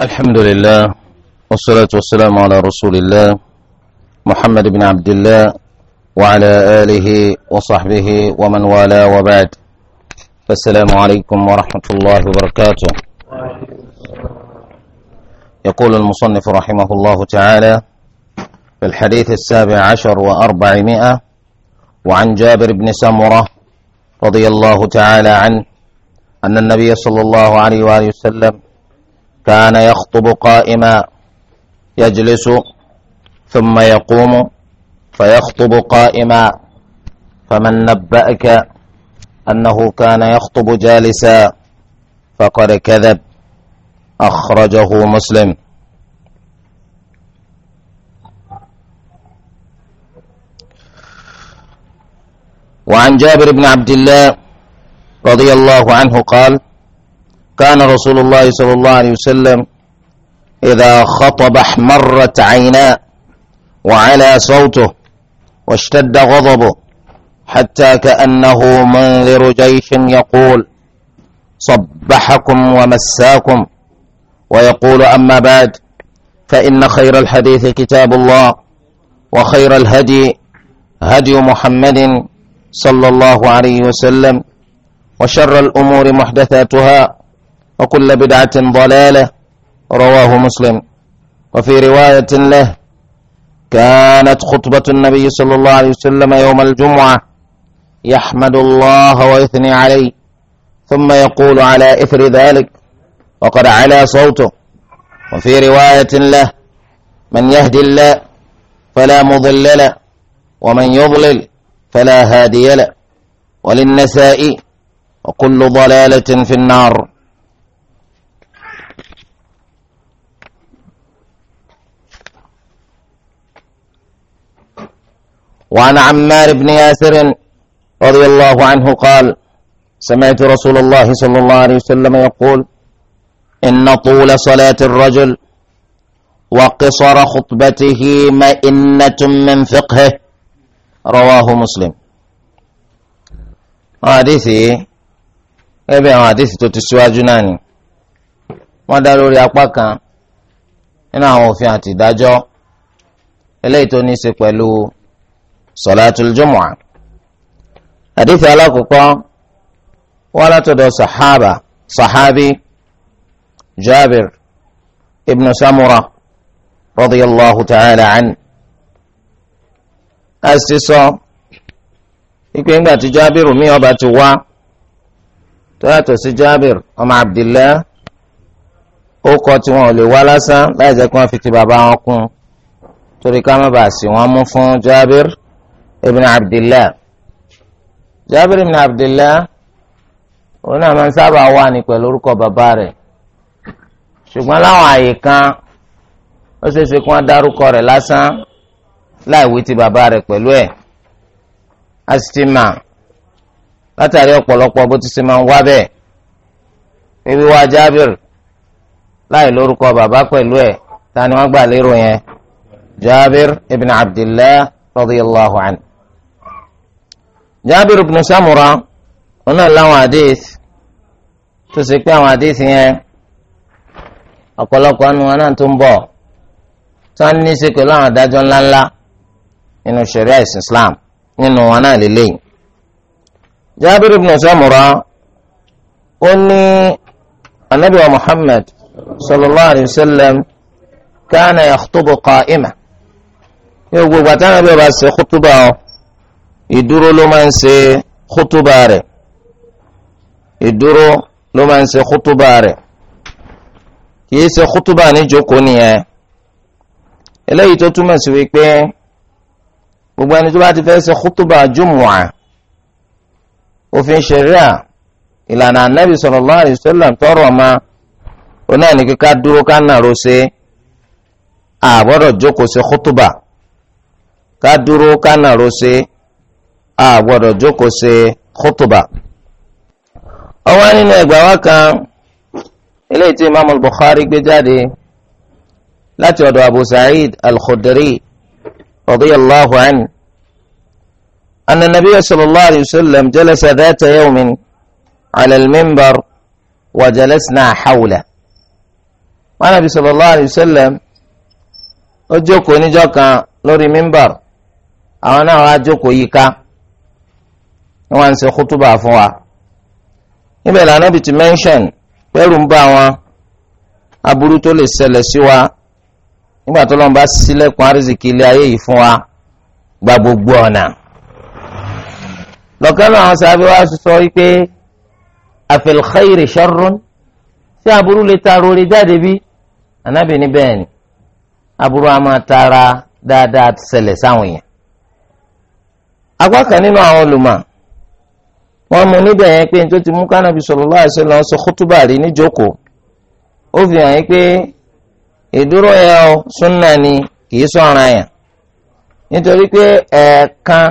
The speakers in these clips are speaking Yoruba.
الحمد لله والصلاة والسلام على رسول الله محمد بن عبد الله وعلى آله وصحبه ومن والاه وبعد فالسلام عليكم ورحمة الله وبركاته يقول المصنف رحمه الله تعالى في الحديث السابع عشر وأربعمائة وعن جابر بن سمرة رضي الله تعالى عنه أن النبي صلى الله عليه وآله وسلم كان يخطب قائما يجلس ثم يقوم فيخطب قائما فمن نبأك أنه كان يخطب جالسا فقد كذب أخرجه مسلم وعن جابر بن عبد الله رضي الله عنه قال كان رسول الله صلى الله عليه وسلم إذا خطب احمرت عيناه وعلى صوته واشتد غضبه حتى كأنه منذر جيش يقول صبحكم ومساكم ويقول أما بعد فإن خير الحديث كتاب الله وخير الهدي هدي محمد صلى الله عليه وسلم وشر الأمور محدثاتها وكل بدعة ضلالة رواه مسلم وفي رواية له كانت خطبة النبي صلى الله عليه وسلم يوم الجمعة يحمد الله ويثني عليه ثم يقول على إثر ذلك وقد على صوته وفي رواية له من يهدي الله فلا مضل له ومن يضلل فلا هادي له وللنسائي وكل ضلالة في النار وعن عمار بن ياسر رضي الله عنه قال سمعت رسول الله صلى الله عليه وسلم يقول إن طول صلاة الرجل وقصر خطبته مئنة من فقهه رواه مسلم حديثي ابي حديثي تتسواج جناني wọ́n dá lórí apá kan nínú àwọn òfin àti ìdájọ́ eléyìí tó ní í ṣe pẹ̀lú salatul jumu'ah àdìsí alákòókò wọn látọ̀dọ̀ sàhábà sàhábì jabir ibn samura radiyallahu ta'ala an a sì sọ ìpè ńgbà tí jabir mi ọba ti wá tó yàtọ̀ sí jabir ọmọ abdillah ó kọ tí wọn ò lè wá lásán láì jẹ́ kí wọ́n fi ti bàbá wọn kún torí ká má bàa sí wọn mú fún jabir. ابن عبد الله، جابر abdillah عبد الله، máa من sábà wà ní pẹ̀lú orúkọ bàbá rẹ̀ ṣùgbọ́n láwọn àyè kan ó ṣeé ṣe kí wọ́n dárúkọ rẹ̀ lásán láì wí ti bàbá rẹ̀ pẹ̀lú ẹ̀ asitima látàrí ọ̀pọ̀lọpọ̀ bó ti ṣe máa ń wá bẹ́ẹ̀ ebi wá jábìr láì lórúkọ bàbá pẹ̀lú ẹ̀ ta ni wọ́n gbà lérò yẹn jábìr ibn abdillah radiyallahu anhu jábìrì ibn Samura wọn náà láwọn hadith tó ṣe pé àwọn hadith yẹn ọ̀pọ̀lọpọ̀ nu wọn náà tó ń bọ̀ tó ń ní í ṣe pẹ̀lú àwọn adájọ́ ńláńlá nínú sharia ẹ̀sìn Islam nínú wọn náà lélẹ́yìn jábìrì ibn Samura ó ní anabi wa sallallahu alayhi wa sallam kana yakhtubu qa'ima yóò gbogbo àtàwọn ẹbí ọba ṣe kútúbà ọ ìdúró ló máa ń ṣe kútúbà rẹ̀ ìdúró ló máa ń ṣe kútúbà rẹ̀ kìí ṣe kútúbà níjókòó nìyẹn eléyìí tó túmọ̀ sí wípé gbogbo ẹni tó bá ti fẹ́ ṣe kútúbà jùmùà òfin ṣẹ̀ríà ìlànà anábì sallallahu alaihi wasallam tọrọ ọmọ onáà ní kíká dúró ká nàró ṣe àbọ̀dọ̀ jókòó ṣe kútúbà ká dúró ká nàró ṣe a gbọ́dọ̀ jókòó ṣe khutuba. ọwọ́ nínú ẹgbàá wa kan eléyìí tí imaamu Bukhari gbé jáde láti ọ̀dọ̀ Abu Sa'id al-Khudri radiyallahu anhu anna nabiyya sallallahu alayhi wa sallam jalasa dhata yawmin ala al-minbar wa jalasna hawla. wọn nàbí sallallahu alayhi wa sallam ó jókòó níjọ́ kan lórí minbar àwọn náà wá jókòó yíká wọ́n wá ń ṣe kútúbà fún wa níbẹ̀ lànà bìtì mẹ́ńṣẹ̀n pẹ́rù ń bá wọn aburú tó lè ṣẹlẹ̀ sí wa nígbà tó lọ́n bá sílẹ̀kùn àrísìkì ilé ayé yìí fún wa gba gbogbo ọ̀nà lọ́kàn náà àwọn sábẹ́ wa sọ wípé àfẹlẹ́kẹ́yìrì ṣọ́rún tí aburú lè ta rori jáde bí anábì bẹ́ẹ̀ ni aburú a máa tara dáadáa ṣẹlẹ̀ sáwọn èèyàn apá nínú àwọn olùmọ̀ wọ́n mú níbẹ̀ yẹn pé tó ti mú sọ kútúbà rí níjókòó ó fi hàn yín pé ìdúró yẹn ọ súnà ni kì í sọ̀ràn yẹn nítorí pé ẹ̀ẹ̀kan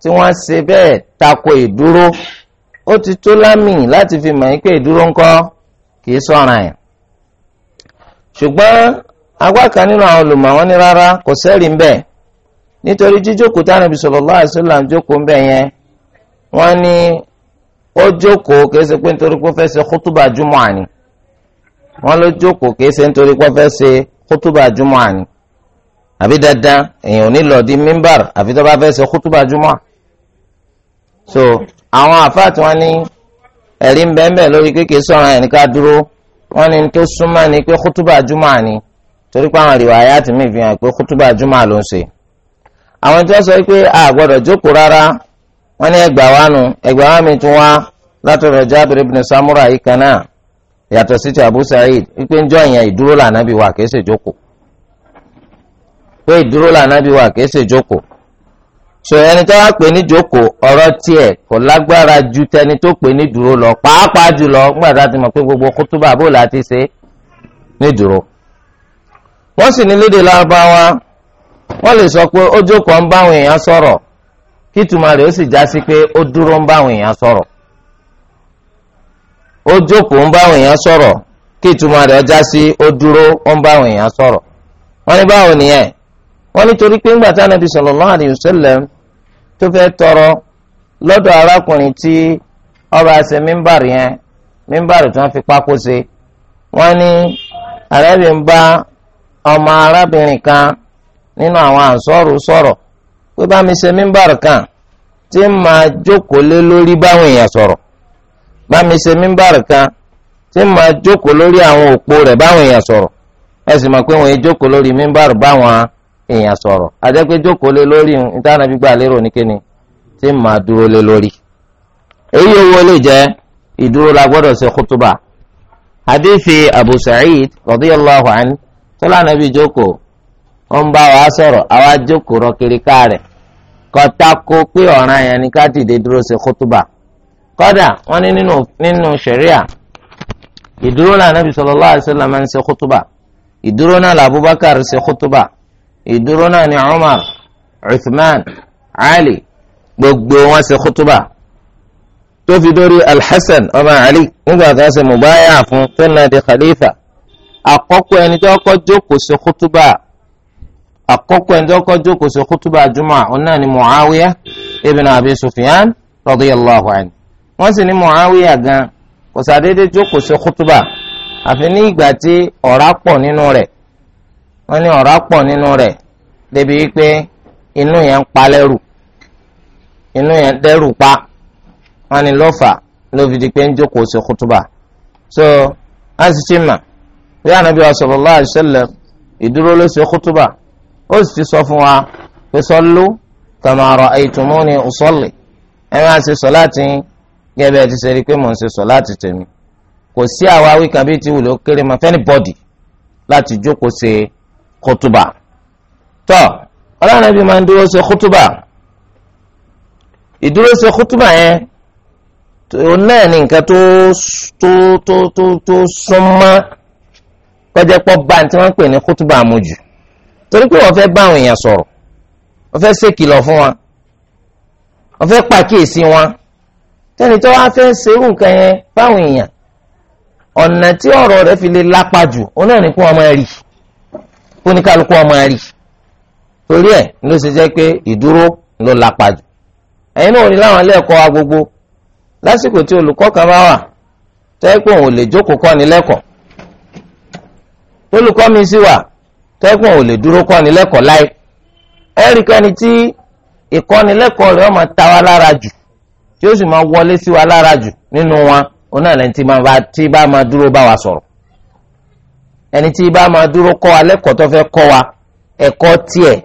tí wọ́n ṣe bẹ́ẹ̀ tako ìdúró ó ti tó lámì láti fi mọ̀ yín pé ìdúró ńkọ́ kì í ṣùgbọ́n agbá kan nínú àwọn olùmọ̀ wọn rárá kò sẹ́rìí ń wọ́n ní ó jókòó kìí ṣe pé nítorí pé ó fẹ́ ṣe kútùbà júmọ̀ àní wọ́n ló jókòó kìí ṣe nítorí pé ó fẹ́ ṣe àní àbí dandan èèyàn ò ní lọ di mímbàr àfi tó bá fẹ́ ṣe kútùbà so àwọn àfáà tí wọ́n ní ẹ̀rí ń bẹ́ẹ̀ lórí kékeré sọ̀rọ̀ ẹ̀nìkan dúró wọ́n ní tó súnmọ́ ni pé kútùbà júmọ̀ àní torí pé àwọn ìwà ayáàtì mi fi hàn pé kútùbà júmọ̀ ló ń ṣe àwọn tí wọ́n sọ pé a jókòó rárá wọ́n ní ẹgbàá wa nù ẹgbàá wa mi tún wá látọ̀dọ̀ jábìrì ibn samura yìí kan náà yàtọ̀ sí ti abu sa'id wípé njọ́ yẹn ìdúró lànàbí wa kìí so ẹni tó wá pè ní jókòó ọ̀rọ̀ tiẹ̀ kò lágbára ju tẹni tó pè ní dúró lọ pàápàá jùlọ nígbà ti mọ̀ gbogbo kútúbà bó ti ṣe ní dúró wọ́n sì ní lédè lárúbáwá wọ́n lè kí ìtumọ̀ rẹ̀ ó sì já sí pé ó dúró ń báwọn èèyàn sọ̀rọ̀ ó jókòó ń báwọn èèyàn sọ̀rọ̀ kí ìtumọ̀ rẹ̀ ó já sí ó dúró ó ń báwọn èèyàn sọ̀rọ̀ wọ́n ní báwo nìyẹn wọ́n nítorí pé ńgbà táwọn fẹ́ tọrọ lọ́dọ̀ arákùnrin tí ọba mímbàrì yẹn mímbàrì tí wọ́n fi pákó wọ́n ní bá ọmọ pé bá mi ṣe mímbàrì kan tí màá jókòó lé lórí báwọn èèyàn sọ̀rọ̀ bá mi ṣe mímbàrì kan tí màá jókòó lórí àwọn òpó rẹ̀ báwọn èèyàn sọ̀rọ̀ ẹ sì mọ̀ pé wọ́n yẹ jókòó lórí mímbàrì báwọn èèyàn sọ̀rọ̀ àjẹpé jókòó lé lórí ìtànà gbígbà lérò ní kíni tí màá dúró lé lórí. èyí owó lè jẹ́ ìdúró la gbọ́dọ̀ ṣe kútúbà. hadithi abu sa'id radiyallahu anhu tọ́lá nàbí jókòó ó ń bá wa sọ̀rọ̀ àwa jókòó rọkìríkà rẹ̀ kọta kó pé ọ̀ràn yẹn ni ká dìde dúró ṣe kótóbà kọ́dà wọ́n ní nínú ṣẹ̀ríà ìdúró náà nàbì sallallahu alaihi wasallam máa ń ṣe kótóbà ìdúró náà làbúbákàr ṣe kótóbà ìdúró náà ni Umar Uthman Ali gbogbo wọn ṣe kótóbà tó fi dórí Al-Hasan ọmọ Ali nígbà tó ṣe mùbáyà fún tó náà di khalifa àkọ́kọ́ ẹni tó kọ́ jókòó ṣe kótóbà àkọ́kọ́ ẹni tó kọ́ jókòó sí kútúbà jùmọ̀ àwọn náà ni muawiya ibn abi sufyan radiyallahu anhu wọ́n sì ní muawiya gan kò sàdédé jókòó sí kútúbà àfi ní ìgbà tí ọ̀rá pọ̀ nínú rẹ̀ wọ́n ní ọ̀rá pọ̀ nínú rẹ̀ débi pé inú yẹn ń pa lẹ́rù inú yẹn dẹ́rù pa wọ́n ní lọ́fà ló fi di pé ń jókòó sí kútúbà so láti ṣe mà bí Ànábì sallallahu alaihi wasallam ìdúró ló ṣe kútúbà ó sì ti sọ fún wa pé sọlú kama ra'aytumuni usalli ẹ máa ṣe sọ láti gẹ́gẹ́ ti ṣe rí i pé mò ń ṣe sọ láti tèmi kò sí àwáwí kan bíi ti wùlé ó kéré máa fẹ́ni bọ́dì láti jókòó ṣe kótóbà tọ́ ọlọ́run ẹbí máa ń dúró ṣe kótóbà ìdúró ṣe kótóbà yẹn òun náà ní nǹkan tó tó tó tó súnmọ́ kọjá bá ní tí wọ́n ń pè ní kótóbà àmójù torí pé wọ́n fẹ́ bá àwọn èèyàn sọ̀rọ̀ wọ́n fẹ́ ṣèkìlọ̀ fún wọn wọ́n fẹ́ pàkíyèsí wọn tẹ́ni tó wá fẹ́ ṣerú nǹkan yẹn fáwọn èèyàn ọ̀nà tí ọ̀rọ̀ rẹ̀ fi lè lápá jù òun náà ní kó ọmọ rí kó ní kálukú ọmọ rí torí ẹ̀ ló ṣe jẹ́ pé ìdúró ló lápá jù ẹ̀yin náà ní láwọn ilé wa gbogbo lásìkò tí olùkọ́ kan bá wà tẹ́ pé òun ò lè jókòó kọ́ni lẹ́kọ̀ọ́ olùkọ́ mi sì wà tẹ́gbọ̀n ò lè dúró kọ́ni lẹ́kọ̀ọ́ láì ẹ̀ríkẹ́ni tí rẹ̀ ọmọ ta tí ó sì máa wọlé sí wa lára jù nínú wọn tí bá máa dúró wa sọ̀rọ̀ ẹni tí bá máa dúró kọ́ wa lẹ́kọ̀ọ́ tó fẹ́ kọ́ wa ẹ̀kọ́ tiẹ̀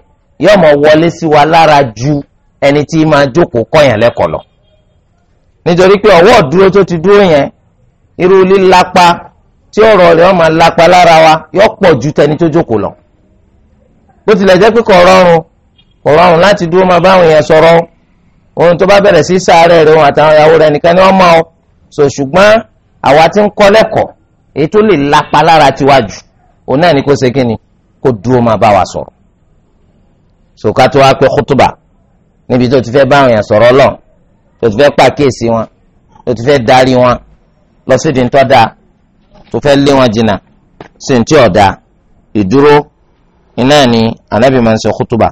yóò máa wọlé sí wa lára jù ẹni tí máa jókòó kọ́yàn lẹ́kọ̀ọ́ lọ nítorí pé ọwọ́ dúró tó ti yẹn irú tí ọ̀rọ̀ rẹ̀ ọmọ lápa wa yóò pọ̀ ju tẹni tó bó tilẹ̀ jẹ́ pé kò rọrùn kò rọrùn láti dúró máa báwọn èèyàn sọ̀rọ̀ ohun tó bá bẹ̀rẹ̀ sí sáré rẹ̀ òun àtàwọn ìyàwó rẹ̀ nìkan ni wọ́n mọ̀ ọ́ so ṣùgbọ́n àwa ti ń kọ́ lẹ́kọ̀ọ́ èyí tó lè lapa lára tiwájú òun náà ni kò ṣe kí ni kó dúró máa bá wa sọ̀rọ̀ so ká tó wá pé kútùbà níbi tó ti fẹ́ báwọn èèyàn sọ̀rọ̀ lọ tó ti fẹ́ pàkíyèsí wọn tó ti fẹ́ iná ni anabi máa ń ṣe kútúbà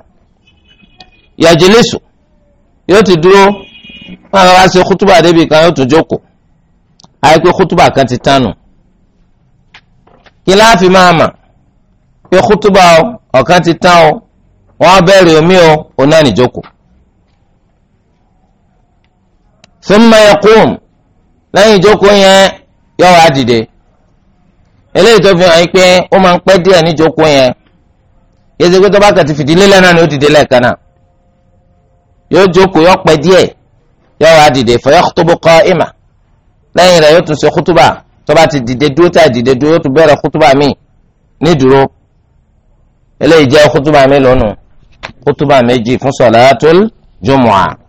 yàjẹlẹsù yóò ti dúró wọn àwọn aṣọ kútúbà débi kan yóò tún jókòó àìpé kútúbà kan ti tánu kí láàfin máa mà pé kútúbà ọ̀kan ti tán o wọn bẹ̀rẹ̀ omi o oná níjókòó thumma yaqum lẹ́yìn ìjókòó yẹn yóò wá dìde eléyìí tó fi hàn pé ó máa ń pẹ́ díẹ̀ níjókòó yẹn yéé ṣe pé tọ́ba kàti fìdílé lẹ́nà ni ó dìde lẹ́ẹ̀kan náà yóò jókòó yóò pẹ́ díẹ̀ yóò wá dìde fayakhtubu qa'ima lẹ́yìn rẹ̀ yóò tún ṣe kútúbà tọ́ba ti dìde dúró tá dìde dúró yóò tún bẹ̀rẹ̀ kútúbà míì ní dúró eléyìí jẹ́ kútúbà mélòó nù kútúbà méjì fún sọ̀látùl jumu'ah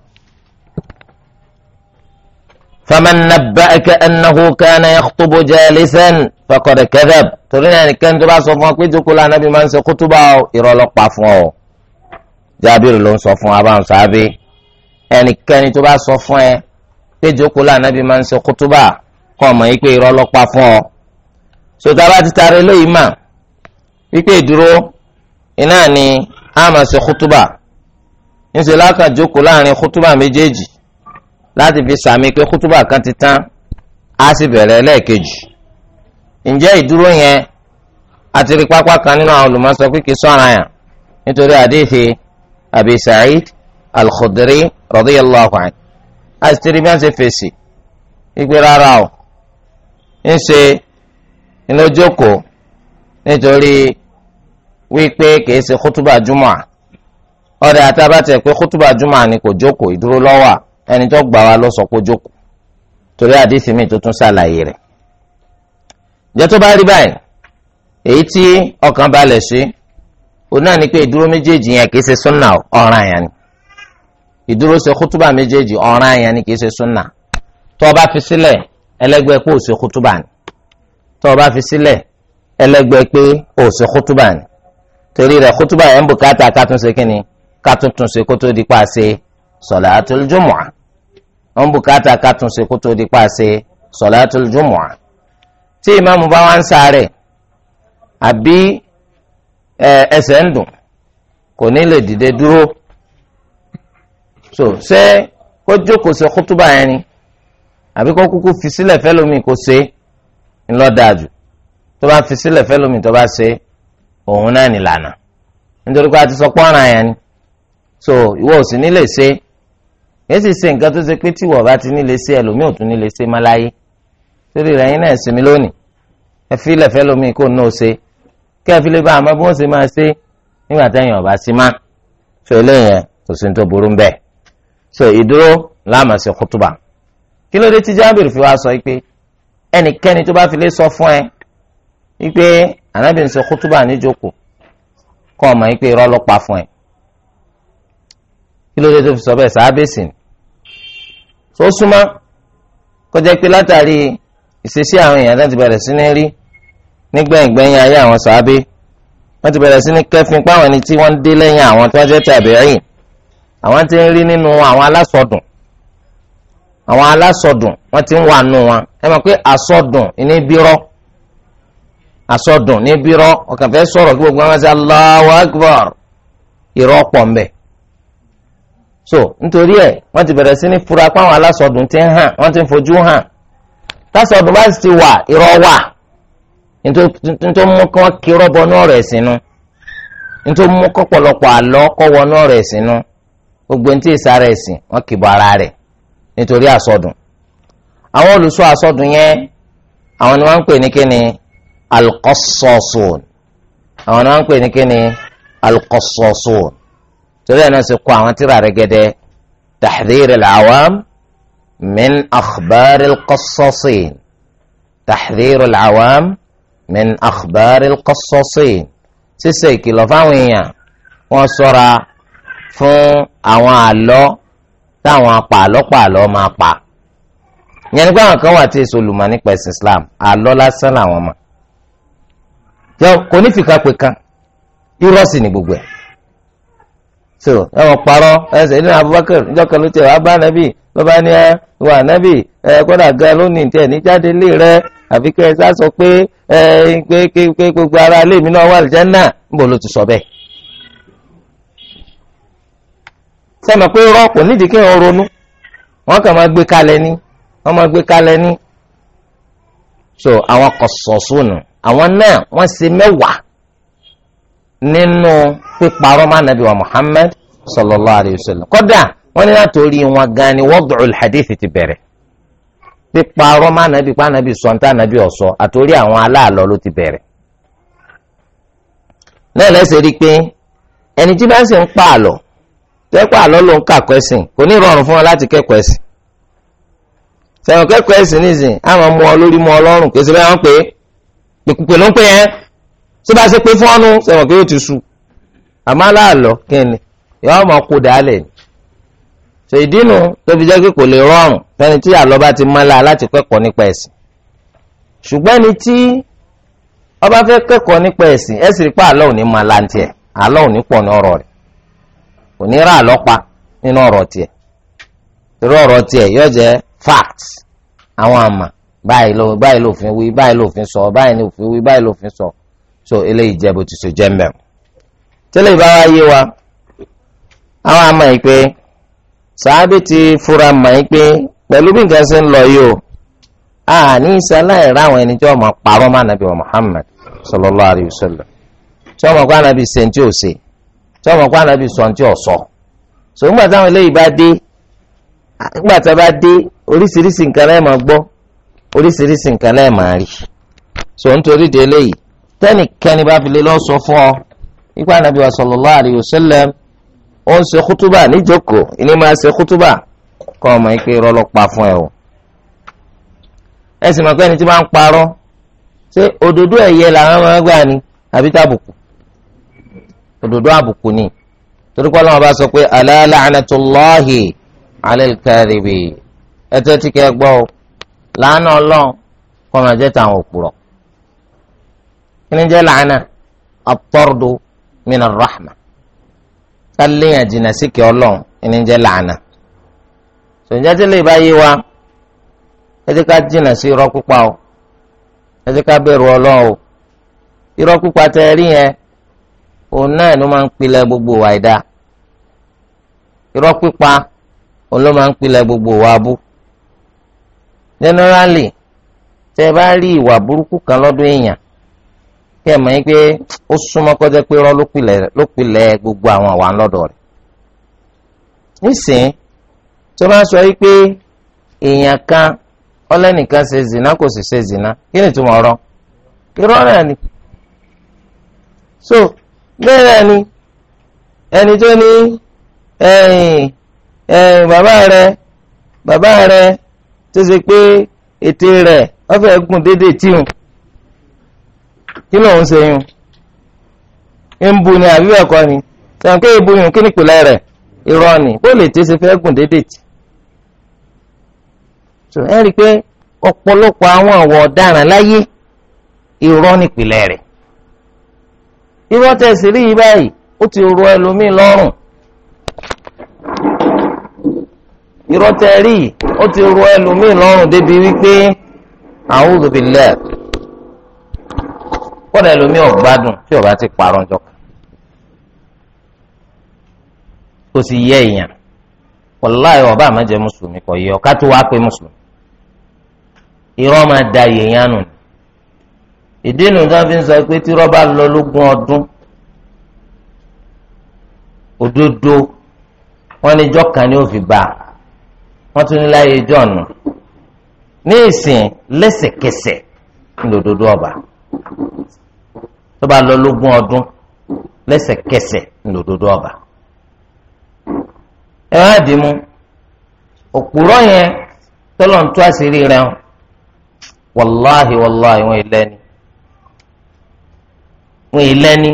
فمن نبأك أنه كان يخطب جالسا فقد كذب torí náà nìkan tó bá sọ fún ọ pé jókòó lánàá bí máa ń ṣe kútúbà ọ irọ́ ló tó bá sọ fún ẹ pé jókòó lánàá bí máa ń ṣe kútúbà kọ́ ọmọ yìí pé irọ́ ló fún ọ. sọta bá ti taari lóyìí mà wípé ìdúró iná ni a máa ṣe kútúbà ńṣe lákàjókòó láàrin kútúbà méjèèjì láti fi sàmì pé kútúbà kan ti tán á sì bẹ̀rẹ̀ lẹ́ẹ̀kejì ǹjẹ́ ìdúró yẹn àti rí pápá kan nínú àwọn olùmọ̀sọ pípé sọ̀rọ̀ àyàn nítorí àdéhìí Abi Sa'id Al-Khudri radiyallahu anhu àti tìrì bí wọ́n ṣe fèsì ìgbé rárá o ń ṣe ìlójókòó nítorí wípé kìí ṣe kútúbà jùmọ̀ ọ̀dà àtàbàtẹ̀ pé kútúbà jùmọ̀ ni kò jókòó ìdúró lọ́wọ́ à ẹni tó gbà wá lọ sọ pé jókòó torí àdìsí mi tó tún ṣàlàyé rẹ̀ jẹ́ tó bá rí báyìí èyí tí ọkàn balẹ̀ sí òun náà ni pé ìdúró méjèèjì yẹn kìí ṣe súnà ọ̀ràn yẹn ni ìdúró ṣe kútúbà méjèèjì ọ̀ràn yẹn ni kìí ṣe súnà tó o bá fi sílẹ̀ ẹlẹ́gbẹ́ pé ò ṣe kútúbà ni tó o bá fi sílẹ̀ ẹlẹ́gbẹ́ pé ò ṣe kútúbà ni torí rẹ̀ kútúbà yẹn ń bùkátà ká tún ṣe kí di pa ṣe sọ̀látùl jumu'ah wọn bùkátà ká tún ṣe kó tó di paṣẹ sọlátul jumu'a tí ìmáàmù bá wá ń sáré àbí ẹsẹ̀ ń dùn kò ní lè dìde dúró so ṣé kó jókòó ṣe kútúbà yẹn ni àbí kó kúkú fi sílẹ̀ fẹ́lómi kó ṣe ńlọ́dàjù tó bá fi sílẹ̀ fẹ́lómi tó bá ṣe òun náà nìlànà nítorí pé a ti sọ pọ́nrán yẹn ni so ìwọ ò sì ní lè èsì ṣe nǹkan tó ṣe pé tí wọ́n bá ti nílé ṣe ẹlòmíì ò tún nílé ṣe má láyé torí rẹ̀ yín náà sinmi lónìí ẹ fi ilẹ̀ fẹ́ lómi kó náà ṣe kí ẹ fi lè bá àmọ́ bí wọ́n ṣe máa ṣe nígbà tẹ́yìn ọ̀bá sí má so eléyẹn kò sí ní tó burú bẹ́ẹ̀ so ìdúró láàmà sí kútùbà kí ló dé tí jábìrì fi wá sọ pé ẹnikẹ́ni tó bá fi lè sọ fún ẹ wípé ànábì ń kútùbà níjókòó kọ́ ọmọ yín pé irọ́ ló pa fún ẹ kí ló dé tó fi sọ bẹ́ẹ̀ sáábẹ́sì ó súnmọ́ kọjá pé látàrí ìṣesí àwọn èèyàn láti bẹ̀rẹ̀ sí ní rí nígbẹ̀yìngbẹ̀yìn ayé àwọn sàábé wọ́n ti bẹ̀rẹ̀ sí ní kẹ́fin páwọn ẹni tí wọ́n ń dé lẹ́yìn àwọn tí wọ́n jẹ́ tàbíyìn àwọn ti ń rí nínú àwọn alásọdùn àwọn alásọdùn wọ́n ti ń wà nù wọn ẹ mọ̀ pé àsọdùn ní bírọ́ àsọdùn ní bírọ́ ọ̀kàn fẹ́ sọ̀rọ̀ kí gbogbo wọn ṣe Allahu so nítorí ẹ wọ́n ti bẹrẹ sí ní fura páwọn alásọdùn ti ń hàn wọ́n ti ń fojú hàn bá sì ti wà irọ́ wà nítorí mú kí wọ́n kí rọ́bọ náà rẹ̀ sínú nítorí mú kọ́pọ̀lọpọ̀ àlọ́ kọ́wọ́ náà rẹ̀ sínú gbogbo ní kì ni ń pè ní ni torí ẹ̀ náà sì kọ àwọn tíra rẹ̀ gẹ́dẹ́ tahdhir al-awam min akhbar al-qassasin tahdhir al-awam min akhbar al-qassasin ṣíṣe ìkìlọ̀ fáwọn èèyàn wọ́n ṣọ́ra fún àwọn àlọ́ táwọn apàlọ́pàlọ́ máa pa yẹn nígbà wọn kan wà tí èso olùmọ̀ nípa ẹ̀sìn Islam àlọ́ lásán làwọn mọ̀ kò ní fìkà pé kan irọ́ sì ni gbogbo ẹ̀ so ẹ wọ́n parọ́ ẹsẹ̀ ní Abubakar níjọ́ kan ló tẹ̀ wá bá nàbì ló bá ẹ wà nàbì ẹ lónìí ní jáde lé rẹ àfi ẹ sá sọ pé ẹ pé pé gbogbo ara ilé mi náà wà níbo ló ti sọ pé nídìí kí ronú kàn máa gbé ní máa gbé ní. so àwọn kọ̀sọ̀ọ̀sùn nù àwọn náà ṣe nínú píparọ́ máa nàbí wa Muhammad sallallahu alayhi wa sallam kódà wọ́n ní láti orí wọn gan ni hadith ti bẹ̀rẹ̀ píparọ́ máa nàbí pa nàbí ọ̀sọ́ àtòrí àwọn aláàlọ́ ló ti bẹ̀rẹ̀ náà lẹ́sẹ̀ rí i pé ẹni tí bá ń ń pa àlọ́ tẹ́pọ̀ àlọ́ ló ń kà kwẹ́sìn kò ní rọrùn fún wọn láti kẹ́kọ̀ọ́ ẹ̀sìn sẹ̀wọ̀n kẹ́kọ̀ọ́ ẹ̀sìn àwọn ọmọ lórí ọlọ́run kò sí bẹ́ẹ̀ wọ́n pèkúpè ló ń pè tí bá ṣe pé fọ́nù sẹ̀wọ̀n kí yóò ti sùn àmọ́ aláàlọ́ kí ni yọ ọmọ kó dálẹ̀ ni ṣe ìdínú tó fi jẹ́ pé kò lè rọrùn fẹ́ni tí àlọ́ bá ti mọ́lá láti kẹ́kọ̀ọ́ nípa ẹ̀sìn ṣùgbọ́n ni tí ọba fẹ́ kẹ́kọ̀ọ́ nípa ẹ̀sìn ẹ̀ rí pé àlọ́ òní mọ́lá ní tiẹ̀ àlọ́ òní pọ̀ ní ọ̀rọ̀ rẹ̀ kò ní rà àlọ́ pa nínú ọ̀rọ̀ tiẹ̀ irú ọ̀rọ̀ tiẹ̀ yóò jẹ́ facts àwọn àmà báyìí lòfin wí báyìí lòfin sọ báyìí lòfin wí báyìí lòfin sọ so eléyìí jẹ́ bó ti ṣe jẹ́ mbẹ́. tẹ́lẹ̀ yé wa àwọn yìí pé sàábì ti fura mọ̀ yìí pé pẹ̀lú bí nǹkan ṣe ń lọ yìí o àní sáláì ráwọn ẹni tí wọ́n mọ̀ pàrọ̀ mọ́ ànábì wa Muhammad sallallahu alayhi wa sallam tí kó ṣe ṣe tí kó sọ sọ so ńgbà táwọn eléyìí bá dé ńgbà tá a bá dé oríṣiríṣi nǹkan máa gbọ́ so nítorí tẹ́nìkẹ́ni bá fi lè lọ sọ fún ọ ipa nàbí wa sallallahu alayhi wa sallam ó ń ṣe kútúbà níjókòó ilé máa ṣe kútúbà kọ́ ọmọ ìpè rọlọ́pàá fún ẹ o ẹ sì mọ̀ pé ẹni tí máa ń parọ́ ṣé òdòdó ẹ̀yẹ làwọn máa ń gbà ní àbí tàbùkù òdòdó àbùkù ni torí pé bá sọ pé ala la'natullahi alal kadhibi ẹ tẹ́tí kẹ́ gbọ́ ọ làánà ọlọ́run kọ́ máa jẹ́ tàwọn òpùrọ̀ kíni laana làánà mina rahma káléèyàn jìnnà síkè si kíni jẹ́ làánà laana tí lè ba yé wa ẹ jẹ́ ká jìnnà sí irọ́ o ẹ jẹ́ ká bẹ̀rù ọlọ́run o irọ́ pípa òun náà gbogbo wa pípa òun ló máa wa bú generally tẹ bá rí kí ẹ mọ̀ yín pé ó súnmọ́ kọjá pé rọ́ ló pilẹ̀ gbogbo àwọn àwa ńlọ́dọ̀ rẹ̀ nísìnyí tó bá sọ yí pé èèyàn kan ọlẹ́nìkan ṣe zina kò sì ṣe zina kí ni tó mọ̀ ọ́rọ́ irọ́ náà ni so bẹ́ẹ̀ ni ẹni tó ní ẹ̀yìn ẹ̀yìn bàbá rẹ̀ bàbá rẹ̀ tó ṣe pé ètè rẹ̀ wọ́n fẹ́ gùn tíhun. kí lóun ṣe yún ń bu ni àbí bẹ́ẹ̀ ni sẹ́wọ̀n kí ebu yún kí ni rẹ̀ irọ́ ni bó lè tẹ́ fẹ́ gùn tì so ẹ rí i pé ọ̀pọ̀lọpọ̀ àwọn ọ̀wọ̀ ọ̀daràn láyé irọ́ nípìnlẹ̀ rẹ̀ irọ́ tẹ̀sí rí i báyìí ó ti rọ lọ́rùn kódà ẹlòmí ọ̀gbádùn tí ọba ti parọ́ ọjọ́ kan kò sì yẹ èèyàn wàláyé ọba àmàjẹ mùsùlùmí tó pé mùsùlùmí irọ́ da èèyàn nù ìdí fi sọ pé tí rọ́bà lọ lógún ọdún òdodo ni ó fi bá tún ní láyé ní ìsìn lẹ́sẹ̀kẹsẹ̀ ọba. tó bá lọ lógún ọdún lẹ́sẹ̀kẹsẹ̀ lòdòdó ọba ẹ wá dì mú yẹn tọ́lọ̀ ń tú àṣírí rẹ̀ hàn wàláhì wàláhì wọn ìlẹ́ni wọn ìlẹ́ni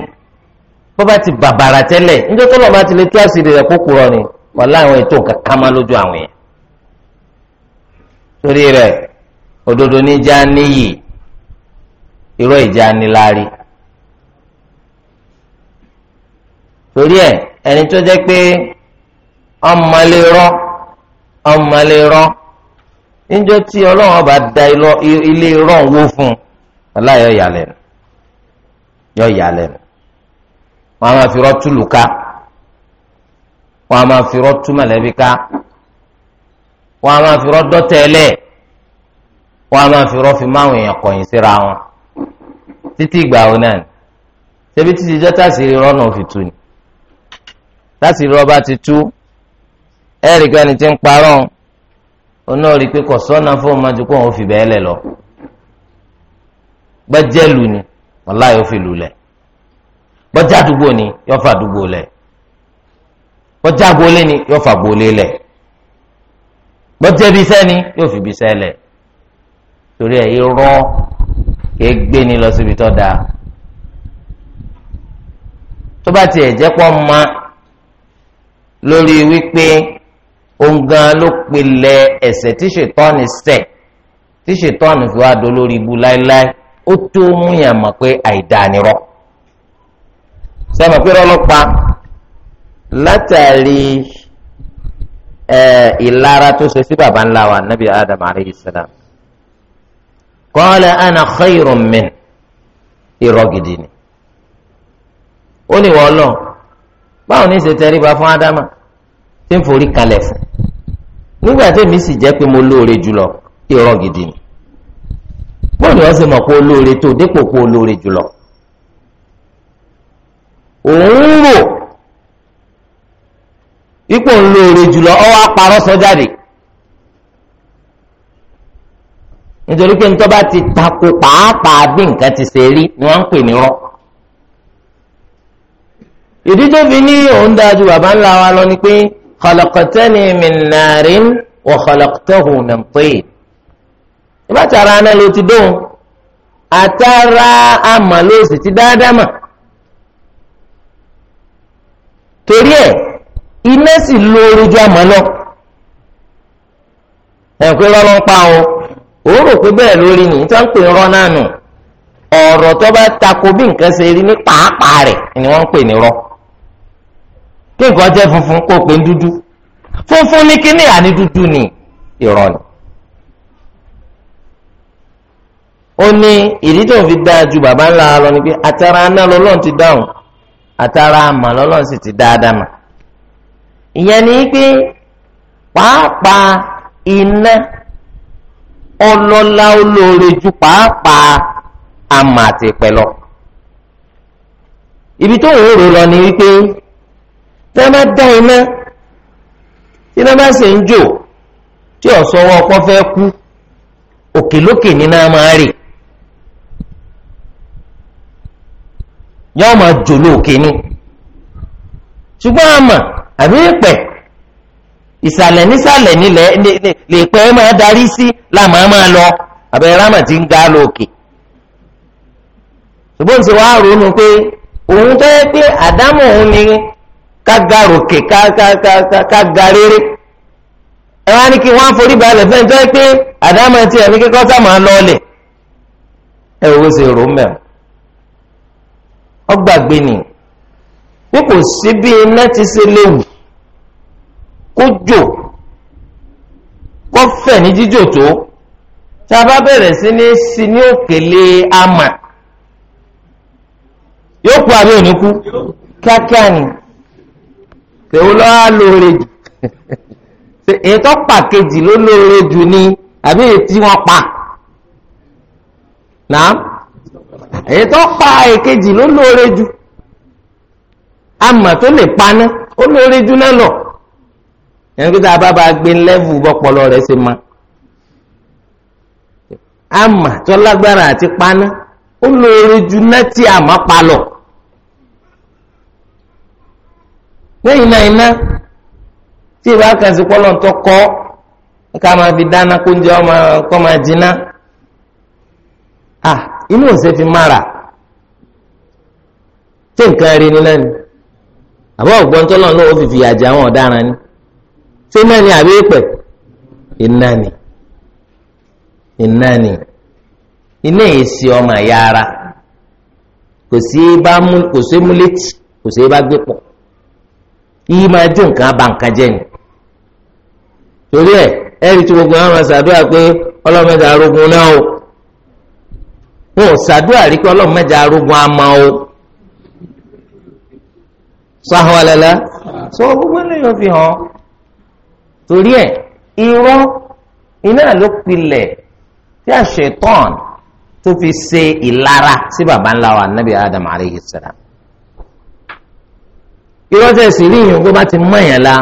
bó bá ti bàbàrà tẹ́lẹ̀ níjẹ́ tọ́lọ̀ bá ti lè tú àṣírí rẹ̀ kókùrọ̀ ni wàláhì wọn ètò yẹn torí rẹ̀ òdodo níjà níyì ìjà torí ẹ ẹni tó jẹ́ pé ọmọlé rọ ọmọlé rọ níjọ́ tí Ọlọ́run bá da ilé rọ wó fún aláyọ yàlẹnu yọ yàlẹnu wọn a máa fi rọ túlù ká wọn a máa fi rọ tú mọ̀lẹ́bí ká wọn a máa fi rọ dọtẹlẹ wọn a máa fi rọ fi máwọn èèyàn kọ̀yìn síra wọn títí ìgbà wo náà ṣebí títí jọta sí rọ náà ni láti rọba ti tú ẹ̀rí kan ní ti ń parọ́ oná rí i pé kò sọ́nà fún ọmọ ju kó òun fi bẹ́ẹ̀ lẹ̀ lọ gbẹ́jẹ́ lù ni wàláhì yóò fi lù lẹ̀ bọ́jà àdúgbò ni yóò fà àdúgbò lẹ̀ bọ́jà agboolé ni yóò fà agboolé lẹ̀ bọ́jà ibiṣẹ́ ni yóò fi ibiṣẹ́ lẹ̀ torí ẹ̀ irọ́ kìí gbé ni lọ síbi tó dáa tó bá tiẹ̀ jẹ́ pọ́ máa lórí wípé òun gan ló pilẹ̀ ẹ̀ṣẹ̀ tí ṣètọ́ni ṣẹ̀ tí ṣètọ́ni fi wá do lórí ibu láéláé ó tó mú yàn mọ̀ pé àìdánirọ́ sẹ́mi pé ọlọ́pàá látàrí ìlara tó ṣe sí baba ńlá wa nabi adam aleyhi salam ana khayrun min irọ́ gidi ni ó ní wọ́n lọ́n báwo ní ṣe tẹríba fún ádámà tí ń forí kalẹ̀ fún nígbà tèmi sì jẹ́ pé mo lóore jùlọ irọ́ gidi ni bó ni wọ́n ṣe mọ̀ pé o lóore tó dépò pé o lóore jùlọ òun rò ipò ń lóore jùlọ ọwọ́ apárọ́ sọ jáde nítorí pé nítorí bá ti tako pàápàá bí nǹkan ti ṣe rí ni wọ́n ń pè ní rọ́ ìdí tó fi ní òun dáa ju bàbá ńlá wa lọ ni pé khalaqtani min narin wa khalaqtahu min tin ìbátara aná ló ti dóhun àtàrà àmà ló sì ti dáadáa mà torí ẹ̀ iná sì lóoru ju àmà lọ ẹ̀ pé rọ́ ń pa o ó rò pé bẹ́ẹ̀ lórí ni tó pè ń rọ́ náà nù ọ̀rọ̀ tó bá tako nǹkan ṣe rí ní pàápàá rẹ̀ ni wọ́n ń pè ní rọ́ kí nǹkan jẹ́ funfun kó pé dúdú funfun ní kíní àní dúdú ni ìrọ̀ ni. ó ní ìdí tó ń fi dáa ju bàbá ńlá lọ ni pé àtàrà aná lọ́lọ́run ti dáhùn àtàrà àmà lọ́lọ́run sì ti dáadáa mà. ìyẹn ni pé pàápàá iná ọlọ́lá olóore ju pàápàá àmà àti ìpẹ́ lọ. ibi tó ń rò lọ ni wípé. tí a bá dá iná tí iná bá sì ń jò tí ọ̀sọ́wọ́ ọkọ fẹ́ kú òkèlókè níná máa yóò máa jò lóòkè ni ṣùgbọ́n àmà àbí ìpẹ́ ìsàlẹ̀ nísàlẹ̀ nílẹ̀ lè pẹ́ máa darí sí máa lọ àbẹ̀rẹ̀ ga lóòkè ṣùgbọ́n pé òun pé àdámọ̀ òun ni ka ga ròkè ká ga rere kí wọ́n forí balẹ̀ fẹ́ jẹ́ pé àdámọ̀ tí ẹ̀mí kíkọ́ rò ọ ni bí kò sí bí iná ti ṣe léwu kó jò kó fẹ̀ ní jíjò tó a bẹ̀rẹ̀ tèwó lọ́wọ́ lóore jù èyí tó pa kejì ló lóore jù ni àbí èyí tí wọ́n pa náà èyí tó pa èkejì ló lóore jù àmọ́ tó lè paná ó lóore jù náà lọ yẹn kí tá a bá ba gbé lẹ́vù bọ́pọlọ rẹ̀ ṣe máa àmà tó lágbára àti paná ó lóore ju náà tí àmà pa lọ lẹ́yìn náà iná tí ìbá kan sí kọ́lọ̀ tó kọ́ ká máa fi dáná kó ń jẹ ọmọ kọ́ máa jiná ah inú òsè fi mára tí nǹkan rí ni náà ni àbọ̀ ọ̀gbọ́n tó lọ́n ó fi fìyà jẹ àwọn ọ̀daràn ni tí náà ni àbí pẹ̀ iná ni iná ni iná yìí ọmọ ẹ̀yà ara kò sí bá mú kò sí bá gbé pọ̀ yìí máa dín nǹkan abankan jẹ́ ni torí ẹ ẹrí tí gbogbo àwọn ṣàdúrà pé ọlọ́mọdé arógun náà o wọn ò ṣàdúrà rí pé ọlọ́mọdé arógun àmà o sáhùn alẹ́lẹ́ sọ gbogbo ènìyàn fi hàn torí ẹ irọ́ iná ló pilẹ̀ tí àṣetán tó fi ṣe ìlara sí baba ńlá wa nabi adam aleyhi salam irọ́sẹ̀ sì rí ìyẹn bó bá ti mọ èèyàn la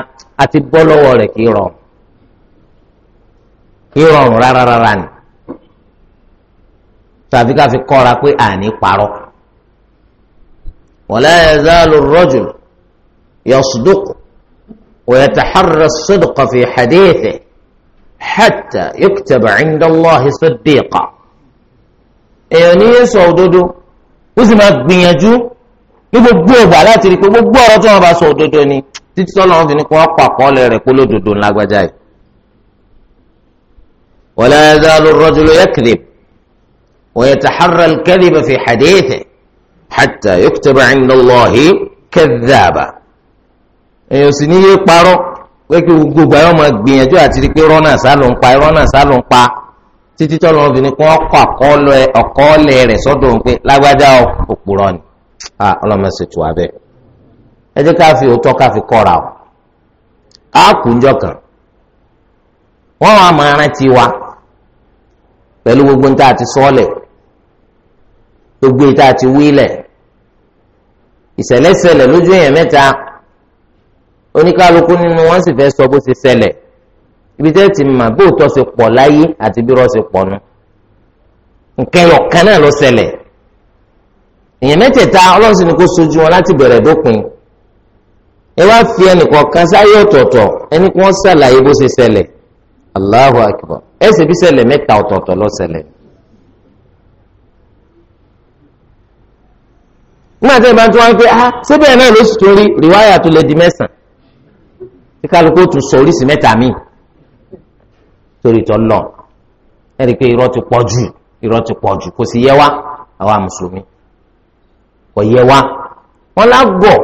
àti bọ́ lọ́wọ́ rẹ̀ kì í rọrùn kì í rọrùn rárá rárá ni tàbí ká fi kọ́ra pé àní parọ́ wala yazalu ar-rajulu yasduqu wa yataharra as-sidqa fi hadithihi hatta yuktaba 'inda Allahi èèyàn ní yẹn sọ òdodo ó sì máa gbìyànjú ní gbogbo ẹgbà láti rí i pé gbogbo ọ̀rọ̀ tí wọ́n bá sọ òdodo ni títí tọ́lọ́ wọn fi ní kí wọ́n pa àpọ́nlẹ̀ rẹ̀ pé lódodo ńlá gbájá yìí. wala yazalu ar-rajulu yakdhib wa yataharra al-kadhiba fi hadithihi hatta yuktaba 'inda Allahi kadhdhaba. èèyàn sì ní yé parọ́ pé kí gbogbo àwọn ọmọ gbìyànjú àti rí i pé rọ́nà sá pa rọ́nà sá pa títí tọ́lọ́ wọn fi ní kí wọ́n kọ́ àkọọ́lẹ̀ rẹ̀ sọ́dọ̀ òun a ah, ọlọ́mọ ṣètò abẹ́ ẹ jẹ́ ká fi òótọ́ ká fi kọ́ra o á kù ń jọkàn wọ́n wàá máa rántí wa pẹ̀lú gbogbo níta àti sọ́ọ̀lẹ̀ gbogbo ìta àti wílẹ̀ ìṣẹ̀lẹ̀ṣẹlẹ̀ lójú èèyàn mẹ́ta oníkálukú nínú wọn sì fẹ́ sọ bó ṣe ṣẹlẹ̀ ibi tẹ́ ti mà bóòtọ́ ṣe pọ̀ láyé àti bí rọ́ ṣe pọ̀ nu kan náà ló ṣẹlẹ̀ èèyàn mẹ́tẹ̀ẹ̀ta ọlọ́run sì ni kó sojú wọn láti bẹ̀rẹ̀ dópin ẹ wá fi ẹnìkọ̀ọ̀kan sáyé ọ̀tọ̀ọ̀tọ̀ ẹni kí wọ́n ṣàlàyé bó ṣe ṣẹlẹ̀ Allahu akbar ẹ ṣe bí ṣẹlẹ̀ mẹ́ta ọ̀tọ̀ọ̀tọ̀ ló ṣẹlẹ̀ nígbà tí ẹ bá tún wá ń pé ah síbẹ̀ náà ló sì tún rí rìwáyà tó lè di mẹ́sàn-án tí kálukú tún sọ oríṣi mẹ́ta míì torí tọ́ lọ ẹ rí i pé irọ́ ti pọ̀ jù irọ́ ti pọ̀ jù kò sì yẹ wá àwa mùsùlùmí kò yẹ wa wọn lágọ̀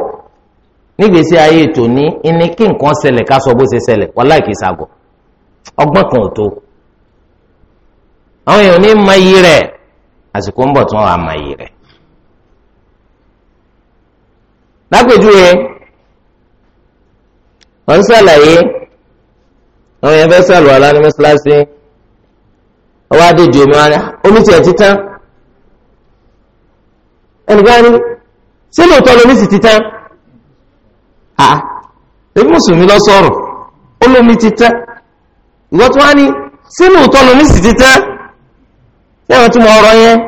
nígbèsè ayé ètò ní ẹni kí nǹkan ṣẹlẹ̀ ká sọ bó ṣe ṣẹlẹ̀ wàláhì kì í ṣàgọ̀ ọgbọ́n kan ò tó àwọn èèyàn ní ma yí rẹ̀ àsìkò ń bọ̀ tí wọ́n wà ma yí rẹ̀ lápèjúwe wọ́n ṣàlàyé àwọn èèyàn fẹ́ sàlùwà lánàá mọ́ṣáláṣí ọwọ́ adéjì omi wọn omi tiẹ̀ ti ẹnìkan ní sí lóòótọ́ lómi sì ti tán àá ebi mùsùlùmí lọ sọ̀rọ̀ ó lómi ti tán ìwọ́n tún wá ní sí lóòótọ́ lómi sì ti tán sẹ́wọ̀n tí mo rọ yẹn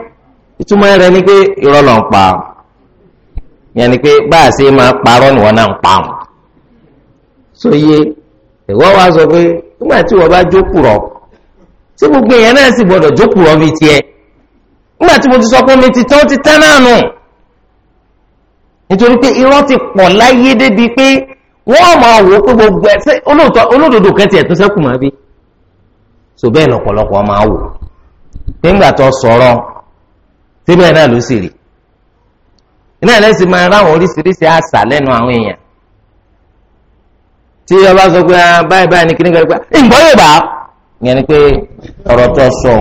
ìtumọ̀ rẹ̀ ni pé irọ́ ló ń pa ọ́ yẹn ni pé bá a ṣe máa parọ́ ni wọ́n náà ń pa ọ́ so iye ìwọ́ wa sọ pé nígbà tí wọ́n bá jókòó tí gbogbo èèyàn náà sì gbọ́dọ̀ jókòó rọ̀ tiẹ̀ nígbà tí mo ti sọ pé mi ti tán ti tán náà nù nítorí pé irọ́ ti pọ̀ láyé débi pé wọ́n máa wò ó pé gbogbo ẹsẹ̀ olódodo ẹ̀tún sẹ́kù máa bí so bẹ́ẹ̀ lọ́pọ̀lọpọ̀ máa wò nígbà tó sọ̀rọ̀ síbẹ̀ náà ló sì rí iná ẹlẹ́sìn máa ráwọn oríṣiríṣi àṣà lẹ́nu àwọn èèyàn tí ọba sọ pé báyìí báyìí pé yóò bá yẹn ni pé ọ̀rọ̀ tó sọ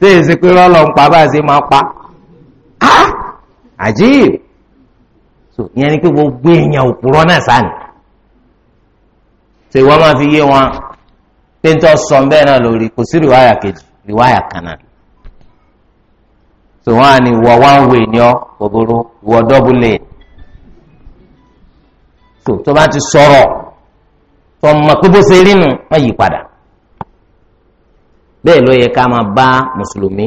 ṣé èsì pé rọ́lọ́ ń pa bá ṣe máa pa á àjíìb so ìyẹn ni pé gbogbo èèyàn òpùrọ́ náà sáni ṣèwọ́n máa fi yé wọn pé ń tọ́ sọ bẹ́ẹ̀ náà lórí kò sí rìwáyà kejì rìwáyà kan náà so wọn à ní wọ one way ni ọ kòkòrò wọ double lane so tó bá ti sọ̀rọ̀ tó mọ pé bó ṣe rí nu wọn yí padà bẹ́ẹ̀ ló yẹ ká máa bá mùsùlùmí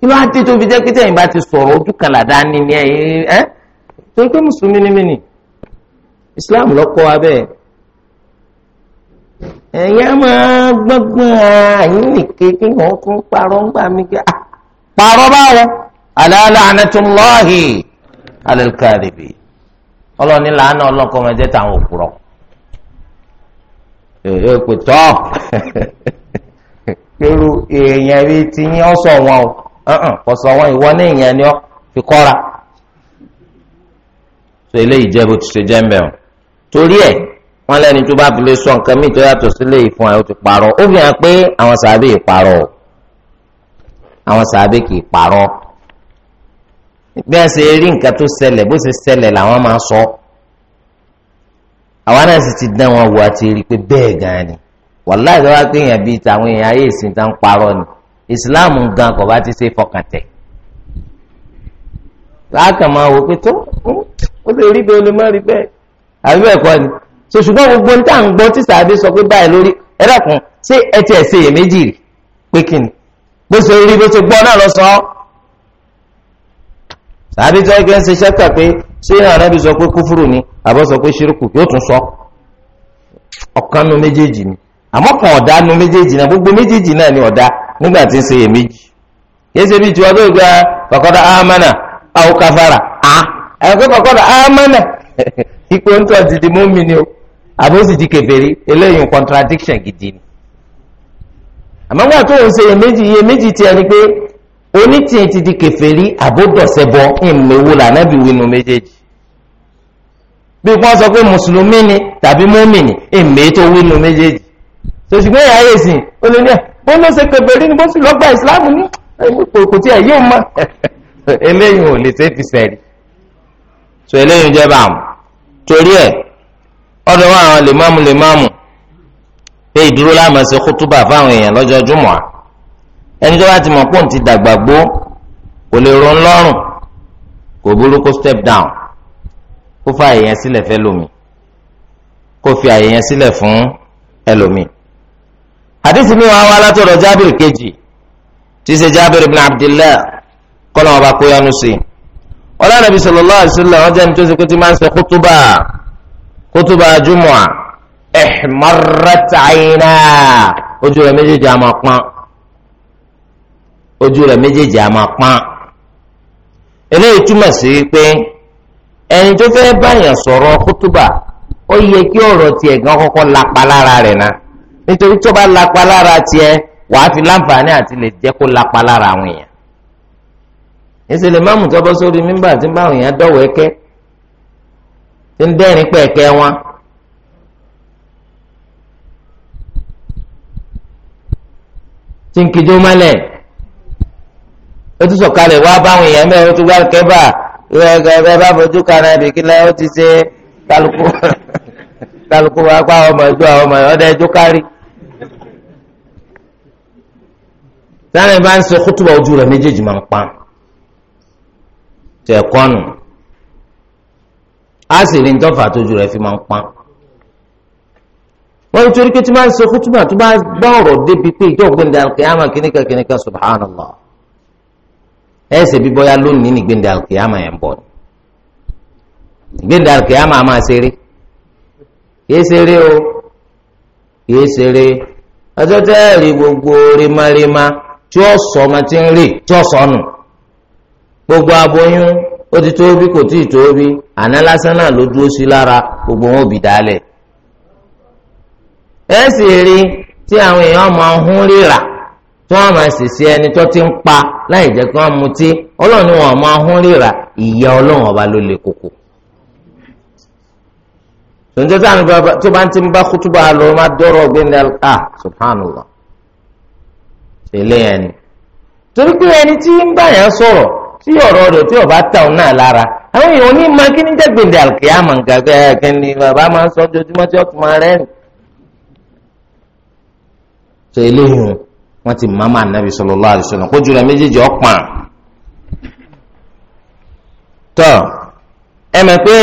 kí ló á dé tó fi jẹ́ pé tẹ̀yìn bá ti sọ̀rọ̀ ojú kan làdá ni ni ẹ torí pé mùsùlùmí ni mí ni Islam ló kọ́ wa bẹ́ẹ̀ ẹ̀yà máa gbọ́gbọ́n àyín nìke kí wọ́n tún parọ́ ń gbà mí kí á ah, parọ́ báwo àlàálà ànátúnláhì alẹ́kàdìbì ọlọ́ni làánà ọlọ́kọ́ máa jẹ́ tàwọn òpùrọ̀ èèyàn pè tọ́. pẹ̀lú èèyàn rí ti yín ọ́ sọ wọn o ọ̀sọ̀ wọn ìwọ ní èèyàn ni ọ́ fi kọ́ra. sọ eléyìí jẹ́ bó ti ṣe jẹ́ mbẹ́ o torí ẹ̀ wọ́n lẹ́ni tó bá fi lè sọ nǹkan míì tó yàtọ̀ sílé ìfún ẹ̀ ó ti parọ́ ó fi hàn pé àwọn sàbẹ̀ kì í parọ́ àwọn sàbẹ̀ kì í parọ́ bí a ṣe rí nǹkan tó ṣẹlẹ̀ bó ṣe ṣẹlẹ̀ làwọn máa sọ àwa náà sì ti dán wọn wò àti rí i pé bẹ́ẹ̀ gan ni wàláì tó wá pé èèyàn bíi tàwọn èèyàn ayé ìsìn tá ń parọ́ ni ìsìláàmù gan kò bá ti ṣe fọkàntẹ̀ láàkàn máa wò pé tó ó lè rí bẹ́ẹ̀ ó lè má rí bẹ́ẹ̀ àbí bẹ́ẹ̀ kọ́ ni so ṣùgbọ́n gbogbo ní tá à ń gbọ́ tí sàbí sọ pé báyìí lórí ẹ ṣé ẹ tiẹ̀ ṣe èméjì rí pé kí ni bó ṣe rí bó ṣe gbọ́ náà lọ sọ ọ́ sàbí tó ẹgbẹ́ ń ṣe ṣẹ́kà pé ṣé àrẹ́bí sọ pé kúfúrù ni àbọ̀ sọ pé ṣírùkù yóò tún sọ ọ̀kanú méjèèjì ni àmọ́ kan ọ̀dá nu méjèèjì náà gbogbo méjèèjì náà ni ọ̀dá nígbà tí ń ṣe èméjì yéṣe bíi tiwọn bẹ́ẹ̀ gba kọ̀kọ́dá amánà àwọn káfárà á ẹ̀kọ́ kọ̀kọ́dá amánà ipò ń tọ́ ti di mú ni o àbó sì di kèfèrí eléyìí contradiction gidi ni àmọ́ nígbà tó ń ṣe èméjì iye méjì tiẹ̀ ni pé onítìyẹ ti di kèfèrí àbódọ̀sẹ̀bọ ìmọ̀wò lànàbí winu méjèèjì bí wọ́n sọ pé mùsùlùmí ni tàbí mùmínì ìmọ̀ ètò winu méjèèjì sòṣùgbọ́n ìyá ayé sìn ó lè ní ẹ̀ ah, bó ló ṣe kẹbẹ̀rí ni bó sì lọ́gbà ìsìláàmù ní kò tí ẹ̀ yóò mọ̀ eléyìí ò lè ṣe fi sẹ̀rí so eléyìí jẹ́ bá àwọn torí ẹ̀ ọ̀dọ̀ wa àwọn lèmọ́mù lèmọ́mù pé ìdúró láàmú ẹsẹ̀ kútúbà fáwọn èèyàn lọ́jọ́ júmọ̀ ẹni tó bá ti mọ̀ pé òun ti dàgbà gbó kò lè ron lọ́rùn kò burú kó step down kó fa èèyàn sílẹ̀ fẹ́ lómi kó fi àyè yẹn sílẹ̀ fún ẹlòmíì àdìsí mi wà wá látọ̀dọ̀ jábìrì kejì tí ṣe jábìrì bin abdillah kọ́nà ọba kó yanu sí i ọlọ́run nàbí sallallahu alaihi wasallam wọ́n jẹ́ ní tó ṣe kó ti máa ń ṣe kútúbà kútúbà júmọ̀ ihmarrat ayna ojú rẹ̀ méjèèjì àmọ́ pọ́n ojú rẹ̀ méjèèjì àmọ́ pọ́n tó fẹ́ báyàn sọ̀rọ̀ kútúbà ó kí ọ̀rọ̀ tiẹ̀ gan kọ́kọ́ lapa lára rẹ̀ náà nítorí tó bá lapa lára tiẹ̀ wàá fi láǹfààní àti lè jẹ́ kó lapa lára àwọn èèyàn ìṣẹ̀lẹ̀ máàmù tó bọ́ sórí mímbà tí báwọn èèyàn dọ̀wọ́ ẹkẹ́ tí ń dẹ́rìn pẹ̀kẹ́ wọn. tí ń kíjó mọ́lẹ̀ ó tún sọ̀kalẹ̀ wá báwọn èèyàn mẹ́rin ó tún gbá kẹ́bà ẹ bá fojú kan ẹ̀dì kílẹ̀ ó ti ṣe kálukú kálukú wá pa ọmọ ẹjọ́ àwọn ọmọ ẹ̀ọ́dẹ́jọ́ kárí. lára ìbá ń ṣe kútùbà ojú rẹ̀ méjèèjì máa ń pa tẹ̀ kọ́nù á sì rí ntọ́fà tójú rẹ̀ fi máa ń pa wọ́n nítorí pé tí máa ń ṣe kútùbà tó bá bá ọ̀rọ̀ débi pé ìjọ gbẹ̀ndẹ̀ alkiyama kìnnìkan kìnnìkan subhanallah ẹ̀ ṣe bí bọ́yá lónìí ní gbẹ̀ndẹ̀ alkiyama yẹn bọ̀ gbẹ̀ndẹ̀ alkiyama máa ṣeré kìí ṣeré o kìí ṣeré ọjọ́ tẹ́ẹ̀rí gbogbo rímaríma tí ó sọ ọmọ tí ń rè tí ó sọnù gbogbo aboyún ó ti tó bí kò tí ì tó bí àná lásán náà ló dúró sí lára gbogbo wọn ò bì dálẹ̀ ẹ sì rí tí àwọn èèyàn máa ń hún rírà tí wọ́n máa ṣèṣe ẹni tó ti ń pa láì jẹ́ kí wọ́n mutí ọlọ́run ni wọ́n máa hún rírà ìyà ọlọ́run ọba ló le koko tòun tó sáà tó bá ń ti bá kútúbà lọ má dọ́rọ̀ ọgbẹ́ni ah, subhanallah. tẹ̀lé yẹn ni torí pé ẹni tí ń bá sọ̀rọ̀ tí ọ̀rọ̀ rẹ̀ tí ọba ta náà lára àwọn èèyàn ní máa kí ní jẹ́gbẹ̀dẹ̀ àlùkìyàmà gàgà ẹ̀kẹ́ ni bàbá máa ń sọ ojoojúmọ́ tí ó máa rẹ́rìn. sọ eléyìí wọn ti máa máa nàbì sallallahu alaihi wasallam kó jùlọ méjèèjì ọ̀pọ̀n. tọ́ ẹ mọ̀ pé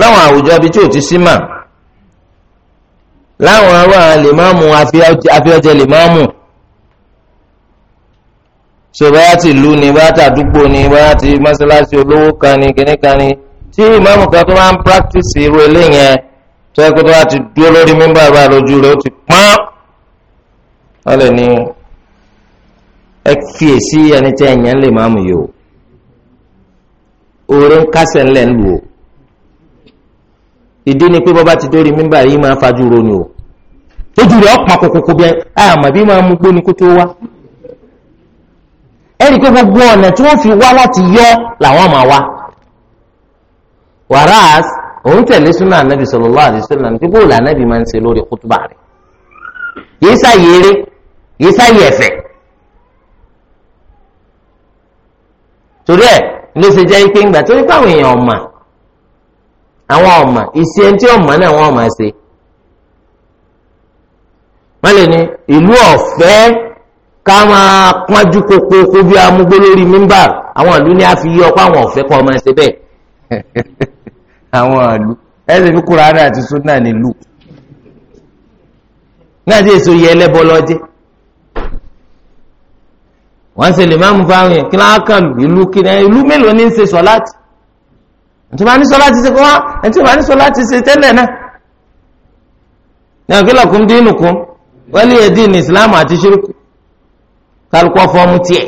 láwọn àwùjọ bíi tí ò ti sí mà láwọn ará lè lè so bóyá ti ìlú ni bóyá ti àdúgbò ni bóyá ti mọ́sálásí olówó kan ni kìnní kan ni tí ìmáàmù kan tó máa ń practice irú eléyẹn tó yẹ kó tó bá ti dúró lórí mímbà bá lójú rẹ̀ ó ti pọ́n wọ́n lè ní ẹ fiyèsí ẹni tí ẹ̀yàn lè máàmù yìí o oore ń kásẹ̀ ńlẹ̀ ń lù o ìdí ni pé bọ́ba ti dórí mímbà yìí máa fajú ro ni o lójú rẹ̀ ọ̀pọ̀ àkókò bí àmọ́ bí máa mú gbóni kó tó wá ẹ̀rí pé gbogbo ọ̀nà tí wọ́n fi wá láti yọ làwọn máa wá wàràs òun tẹ̀lé súnà anábì sallallahu alaihi wasallam tí bóòlù anábì máa ń ṣe lórí kútùbà rẹ̀ yìí sáyé eré yìí sáyé ẹ̀fẹ̀ torí ẹ̀ ló ṣe jẹ́ pé ńgbà torí pé àwọn èèyàn ọ̀mà àwọn ọ̀mà ìṣe ẹni tí ọ̀mà náà wọ́n máa ṣe wọ́n lè ní ìlú ọ̀fẹ́ ká máa pọ́njú koko kó bí amúgbó lórí mímbà àwọn ìlú ni a fi yí ọpá àwọn ọ̀fẹ́ kọ́ ọmọ ẹsẹ̀ bẹ́ẹ̀ àwọn ìlú ẹsẹ̀ fi Kùránì àti Sunnah nílù náà tí èso yẹ ẹlẹ́bọ lọ́jẹ́ wọ́n ṣe lè máa mú fáwọn yẹn kí náà kàn ìlú kí náà ìlú mélòó ní ń ṣe sọ́láàtì ẹ̀tí wọ́n ní sọ́láàtì ṣe kọ́ wá ẹ̀tí wọ́n ní sọ́láàtì ṣe tẹ́lẹ̀ náà ní ọ̀gẹ́lọ̀kùn dín nìkún wọ́n lè yẹ dín ní ìsìláàmù àti ṣírùkù kálukú fọ́ọ̀mù tiẹ̀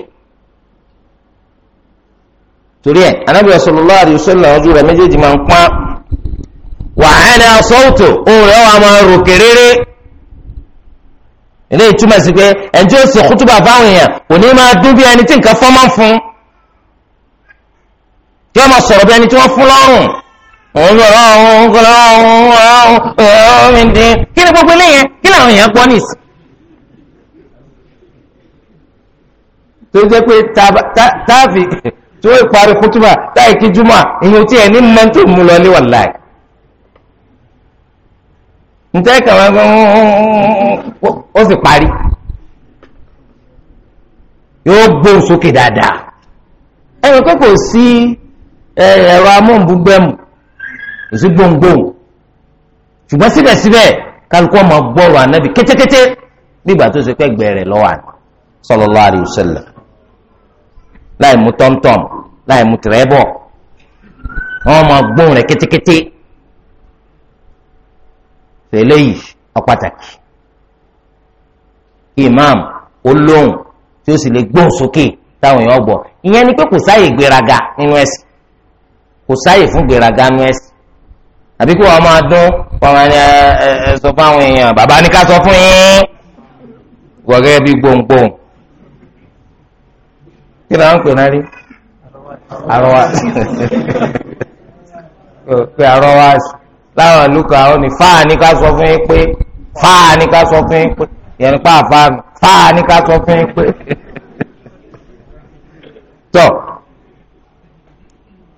torí ẹ anabi sallallahu alaihi wasallam ojú rẹ méjèèjì máa ń pa wàhálà sọ́ọ̀tò òun rẹ wà máa rò kéréré eléyìí túmọ̀ sí pé ẹni tí ó sì kútùbà fáwọn èèyàn kò ní máa dún bí ẹni tí nǹkan fọ́n máa ń fún kí wọ́n máa sọ̀rọ̀ bí ẹni tí wọ́n fún lọ́rùn òun lọ́rọ̀ òun kọ́lọ́ òun ọ̀rọ̀ òun ọ̀rọ̀ òun kí ni gbogbo eléyẹn kí làwọn èèyàn gbọ́ nìsín tó jẹ́ pé táàfì tí ó parí kútùbà táì kí júmọ̀ ìyẹn tí ẹ̀ ní mọ́tò mú lọ ní wàláì ntẹ́ kàwọn gbọ́n ó sì parí yóò gbóhùn sókè dáadáa ẹnì kan kò sí ẹ̀rọ amóhùnbúgbẹ́mù kò sí gbóhùngbóhùn ṣùgbọ́n síbẹ̀síbẹ̀ kálukú ọmọ gbọ́rọ̀ ànábì kétékété nígbà tó ṣe pẹ́ gbẹ̀rẹ̀ lọ́wọ́ sallallahu alaihi wasallam. láì mú tọ́mtọ́m láì mú tìrẹ́bọ̀ wọ́n Ma gbóhùn rẹ̀ kétékété tẹ̀lé yìí ọ̀pàtàkì imam olóhùn tí ó sì lè gbóhùn sókè táwọn èèyàn gbọ́ ìyẹn ni pé kò sáàyè gbéraga nínú ẹ̀sìn kò fún gbéraga nínú ẹ̀sìn àbí kí wọ́n máa dún wọ́n ẹ ẹ sọ fún àwọn èèyàn bàbá ní sọ fún yín bí kí ló ń pè náà rí arọwàsì pé arọwàsì láwọn àlùkò àwọn ní fáà ní ká sọ fún yín pé fáà ní ká sọ fún yín pé yẹn ní pàápàá nù fáà ní ká sọ fún yín pé tọ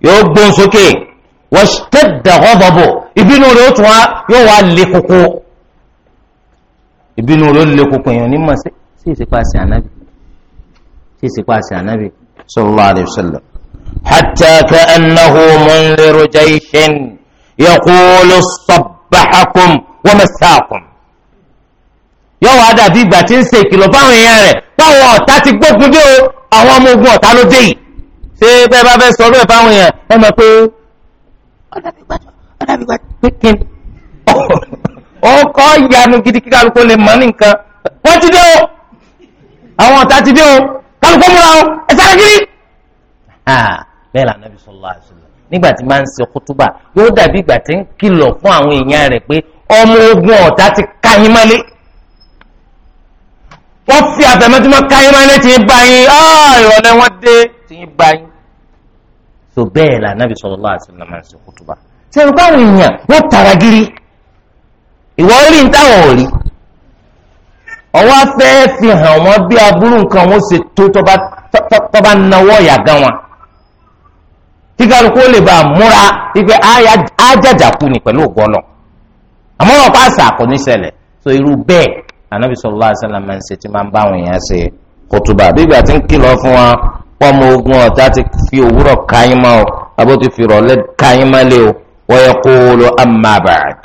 yóò gbóhùn sókè wọ́n ṣe dàgbọ́ bọ̀bọ̀ ìbínú rẹ̀ ó tún wá yóò wá lé koko ìbínú rẹ̀ ó lé koko èèyàn ní sí ìsèpàṣẹ ànábì tí ì sì pa àṣẹ ànábì sallallahu alayhi wa sallam. hatta ka'annahu munziru jayshin yaqulu sabbahakum wa masaakum. yóò wá dàbí ìgbà tí ń ṣe ìkìlọ̀ fáwọn èèyàn rẹ̀ báwọn ọ̀tá ti gbógun dé o àwọn ọmọ ogun ọ̀tá ló dé yìí. ṣé bẹ́ẹ̀ bá fẹ́ sọ ọdún ẹ̀ fáwọn èèyàn ẹ mọ̀ pé ọ̀dàbí ìyanu gidi kíkà lóko lè mọ nìkan wọ́n ti dé o àwọn ọ̀tá ti dé o kálukọ́ múra o ẹ sáré kiri. bẹ́ẹ̀ la nàbì sallallahu alaihi wasallam nígbà tí máa ń ṣe kútúbà yóò dàbí ìgbà tí ń kìlọ̀ fún àwọn èèyàn rẹ̀ pé ọmọ ogun ọ̀tá ti káyín mọ́lé wọ́n fi àfẹ̀mẹ́tìmọ́ káyín mọ́lé tí ń bá yín ìrọ̀lẹ́ wọn dé tí ń bá yín. so bẹ́ẹ̀ la nàbì sallallahu alaihi wasallam máa ń ṣe kútúbà. sẹ́yìn káwọn èèyàn wọ́n tara gírí ìwọ orí ń táwọn ò rí ọwọ́ afẹ́ fi hàn wọ́n bí aburú nǹkan wọn ṣe tó tọ́ba náwó ọ̀yà gan wọn kí kálukú lè bá a múra wípé ájàjàkú ni pẹ̀lú ògbọ́lọ̀ àmọ́ wọn pa àṣà kò ní ṣẹlẹ̀ so irú bẹ́ẹ̀ anabi sallallahu alaihi máa ń ṣe tí máa ń bá àwọn èèyàn ṣe kótóbà bí ìgbà tí ń kìlọ̀ fún wa pọ́nmọ ogun ọ̀tá ti fi òwúrọ̀ káyín mọ́ abó ti fi rọ̀lẹ́ káyín lé o wa yaqulu amma ba'd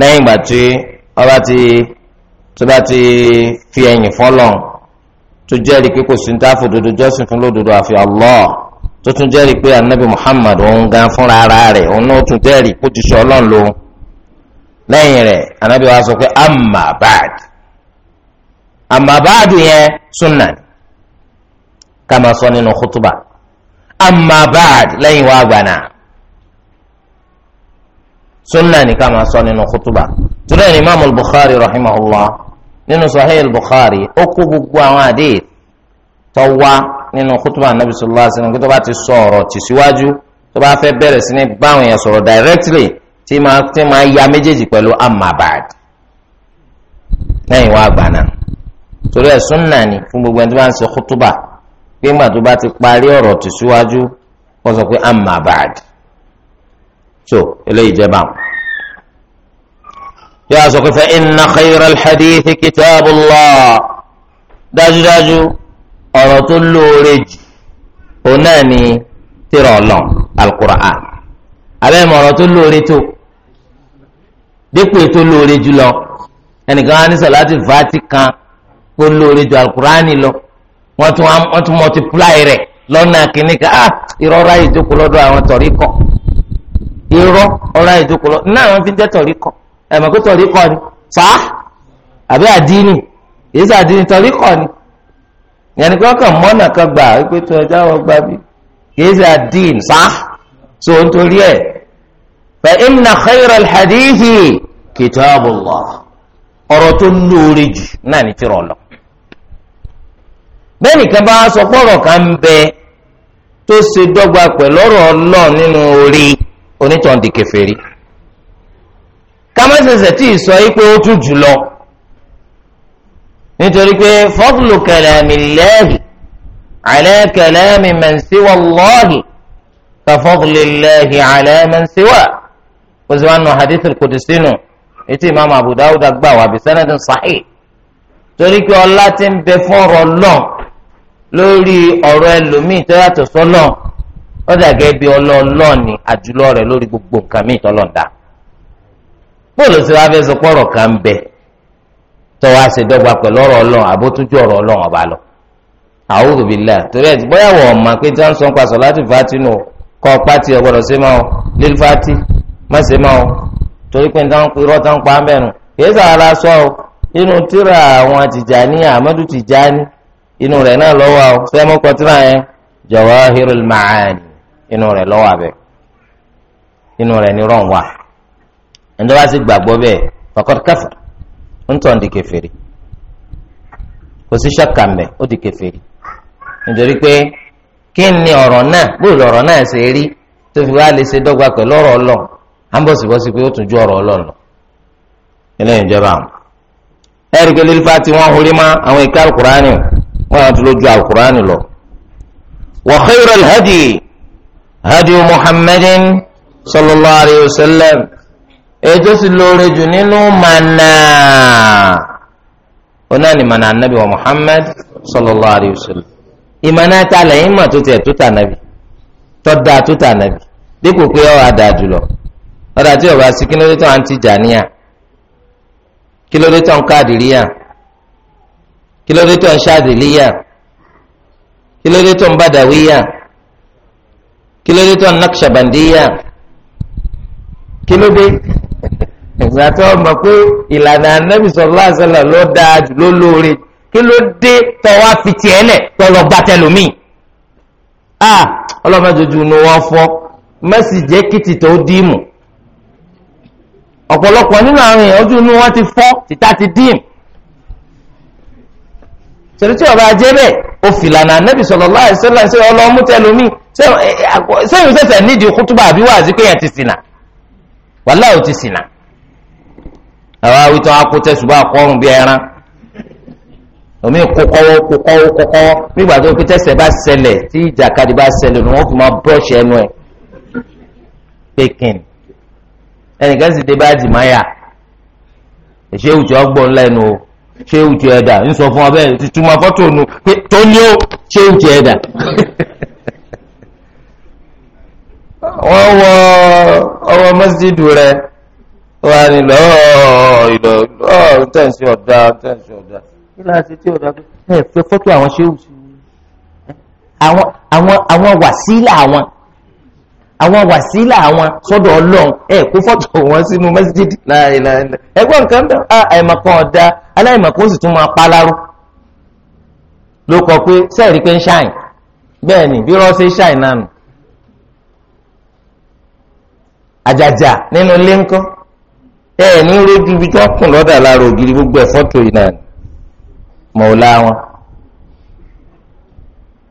lẹ́yìn ìgbà tí ọba ti tó bá ti fi ẹ̀yìn fọ́lọ́n tó jẹ́rìí pé kò sí ní táàfù dodo jọ́sìn fún lódodo àfi Allah tó tún jẹ́rìí pé anabi Muhammad òun gan fúnra ara rẹ̀ òun náà tún jẹ́rìí kó ti sọ ọlọ́run lòun lẹ́yìn rẹ̀ anabi wa sọ pé amma ba'd yẹn sunna ká máa sọ nínú kútùbà amma lẹ́yìn wa gbàna sunna ni ká máa sọ nínú kútùbà tùrẹ́ ni imaamu Bukhari rahimahullah nínú sahih bukhari ó kó gbogbo àwọn àdéhìí tó wá nínú kútùbà nàbì sallallahu alaihi wasallam kó tó bá ti sọ ọ̀rọ̀ tì síwájú tó bá fẹ́ bẹ̀rẹ̀ sí ní báwọn èèyàn sọ̀rọ̀ directly tí máa tí máa ya méjèèjì pẹ̀lú amabad lẹ́yìn wá gbàna torí ẹ̀ súnà ni fún gbogbo ẹni tó bá ń ṣe kútùbà pé tó bá ti parí ọ̀rọ̀ tì síwájú kó sọ pé amabad so eléyìí jẹ́ báwọn yóò sọ pé inna khayral hadithi kitabullah dájúdájú ọ̀rọ̀ tó lóore jù òun náà ni tírà Ọlọ́run al-Qur'an abẹ́ mọ̀ ọ̀rọ̀ tó lóore tó dípò tó lóore jù lọ ẹnìkan á ní sọ̀láti fàátì kan kó lóore jù al-Qur'ani lọ wọ́n tún wọ́n tún multiply rẹ̀ lọ́nà kìíní ká ah ìrora ìjókòó lọ́dọ̀ àwọn tọ̀rí kọ̀ irọ́ ọ̀rá ìjókòó lọ́dọ̀ náà wọ́n fi jẹ́ tọ̀rí kọ̀ ẹ̀mọ̀ kó tọ̀rí kọ́ ni sá àbí àdínì èyí sì àdínì tọ̀rí kọ́ ni yẹn ni kí wọ́n kàn mọ́nà kan gbà wípé tó ẹja wọ́n gbà bí èyí sì àdínì sá so nítorí ẹ̀ fa inna khayral hadithi kitabullah ọ̀rọ̀ tó lóore jù náà ní tìrọ̀ lọ bẹ́ẹ̀ nìkan bá sọ pọ̀rọ̀ kan bẹ tó ṣe dọ́gba pẹ̀lú ọ̀rọ̀ nínú orí onítọ̀ǹdì kámẹ́sẹ̀sẹ̀ tí ì sọ yìí pé ó tún jù lọ nítorí pé fadlu kalami llahi ala kalami man siwa llahi ka fadli llahi ala man siwa kò sí wàá nù hadithul qudusinu etí imaamu abu dawud gbà wá bí sanadin sahih torí pé ọlá ti ń bẹ fún ọ̀rọ̀ lórí ọ̀rọ̀ ẹlòmíì tó yàtọ̀ sọ́lọ́n ó dàgẹ́ bí ọlọ́ọ̀lọ́ọ̀ni àjùlọ rẹ̀ lórí gbogbo nǹkan míì tọ́lọ̀ bóòlù sí wàá fẹ́ sọ pọ̀rọ̀ kan ń bẹ tó wàá ṣe dọ́gba pẹ̀lú ọ̀rọ̀ ọlọ́run àbótújú ọ̀rọ̀ ọlọ́run ọba lọ. a'udhu billah torí ẹ̀ bóyá wọ̀ ọ̀ma pé tí wọ́n sọ ń pa sọ̀láàtì fatinu kọ́ pátì ọ̀gbọ̀dọ̀ sí máa lílù fati má sí máa torí pé irọ́ tó ń pa á mẹ́nu kìí sàrà sọ ọ inú tíra àwọn Tìjàní Ahmadu Tìjàní inú rẹ̀ náà lọ́wọ́ ọ sẹ́mọ́kọ tíra yẹn Jawahirul Ma'ani inú rẹ̀ lọ́wọ́ abẹ inú rẹ̀ ni rọ̀ wà ẹni tó bá sì gbàgbọ́ bẹ́ẹ̀ faqad kafar ń tọ́ di kèfèrí kò sí ṣàkà mbẹ́ ó di kèfèrí nítorí pé kí ni ọ̀rọ̀ náà bó lọ̀rọ̀ náà ṣe rí tó fi wá lè ṣe dọ́gba pẹ̀lú ọ̀rọ̀ ọlọ́run à ń bọ̀ síbọ̀ sí pé ó tún ju ọ̀rọ̀ ọlọ́run lọ eléyìí ìjọba àwọn ẹ̀rí pé lílífà tí wọ́n horí mọ́ àwọn ìka alukurani wọ́n á lójú alukurani lọ. wa khayral hadi hadi muhammadin sallallahu alayhi wa sallam ètò sì lóore jù nínú mànà oná ni mànà anabi wa muhammad sallallahu alayhi wa sallam ìmànà ta lẹ́yìn mà tó tiẹ̀ tó tà nàbì tó da tó tà nàbì dípò pé ọ̀ àdá jùlọ ọ̀dà tí ọba sí kí ló dé tó à ń Tìjàníyà kí ló dé tó ń Kádìríyà kí tó ń Ṣàdìlíyà kí tó ń Bàdàwíyà kí tó ń Nakṣabandiya kí ìgbà tó mọ̀ pé ìlànà anábì sọ̀rọ̀ àṣẹlẹ̀ ló dáa jù ló lóore kí ló dé tọ́wá fi tiẹ̀ lẹ̀ tọ́lọ̀ bá tẹlómìn. a ọlọ́mọdójú ni wọ́n fọ́ mẹ́sì jẹ́ kìtì tó dìímù ọ̀pọ̀lọpọ̀ nínú àwọn èèyàn ojú inú wọn ti fọ́ títà ti dìímù. sọ̀rọ̀ ọba ajé bẹ́ẹ̀ o fìlànà anábì sọ̀rọ̀ láìsẹ́lẹ̀ ṣé ọlọ́mú tẹlómìn sẹ́yìn sẹ́sẹ̀ nídìí kútùbà àbí wàásù pé yẹn ti sìnà wàhálà ò ti sìnà àwọn awitọ́ akutẹ ṣùgbọ́n akọrùn bíi ẹran omi kókọ́wọ́ kókọ́wọ́ kókọ́wọ́ nígbà tó kí tẹ̀sẹ̀ bá ṣẹlẹ̀ tí ìjàkadì bá ṣẹlẹ̀ ni wọ́n fi máa bọ́ọ̀ṣì ẹnu ẹ̀ pékin ẹnìkan sì dé bá jìmáyà ṣé ìwùjọ ọgbọ́n lẹ́nu o ṣé ìwùjọ ẹ̀dà ń sọ fún ọbẹ̀ tuntun afọ́tò nu pé tó ní ó ṣé ìwùjọ ẹ̀dà. wọ́n wọ ọwọ́ mọ́sídìdù rẹ wà ní lọ́ọ̀ ìlọ ọ̀ tẹ̀sí ọ̀dà tẹ̀sí ọ̀dà kí láti tí ọ̀dà pé ẹ fẹ́ fọ́tò àwọn ṣéwù sí àwọn àwọn àwọn wàsílà àwọn àwọn wàsílà àwọn sọ́dọ̀ ọlọ́run ẹ kó fọ́tò wọn sínú mọ́sídìdì láìláìlá ẹgbọ́n nǹkan bẹ́ẹ̀ àìmọ̀kan ọ̀dà aláìmọ̀kan ó sì tún máa pa láró ló kọ pé sẹ́ẹ̀rí pé ń ṣàìn bẹ́ẹ̀ ni bí rọ́ọ̀sì ṣàìn náà nù àjàjà nínú ilé ńkọ́ ẹ ní rojú ibi tó kùn lọ́dà lára ògiri gbogbo ẹ̀ fọ́tò yìí náà mọ̀ọ́lá wọn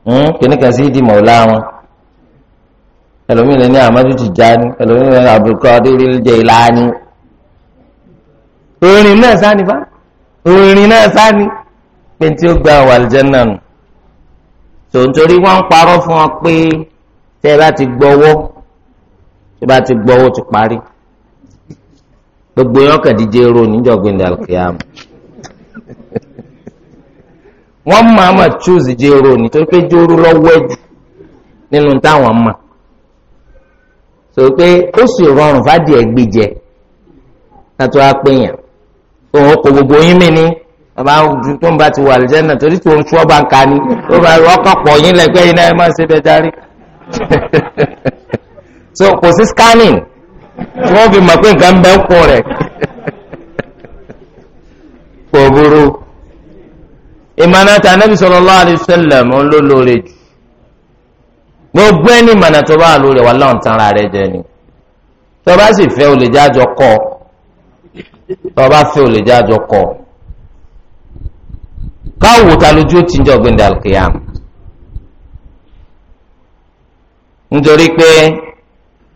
hmm, kìnnìkan sí di mọ̀ọ́lá wọn ẹlòmíì lè ní Amadu Tijani ẹlòmíì lè ní Abdulkadir Jilani orin náà sáni bá orin náà sáni pé tí ó gba àwọn àlùjànnà nù tòun torí wọ́n ń parọ́ fún wọn pé tẹ́ bá ti gbọ́wọ́. tí bá ti gbọ́ owó ti parí gbogbo yẹn ọkàn díje ro níjọ̀gbìn dàlùkìyàmù wọ́n máa ma choose jéró nítorí pé jóró lọ́wọ́ nínú táwọn mọ̀ sọ pé ó sì rọrùn fádìí ẹgbẹ́jẹ látọ́ apẹ̀yàn òun kò gbogbo yín mi ní bàbá tó ń bá ti wà torí tó ń ni ó bá ọkọ̀ pọ̀ yín lẹ́gbẹ́ yín náà ẹ so kò sí scanning tí wọ́n fi mọ̀ pé nǹkan bẹ́ ń rẹ̀ kò burú ìmọ̀nàtà anábì sallallahu alaihi wasallam ń lò lóore jù gbogbo ẹni ìmọ̀nà tó bá wà láwọn tán ara rẹ̀ jẹ ni tó bá sì fẹ́ o jájọ tó bá fẹ́ o jájọ kọ káwò ta lójú ó ti ń nítorí pé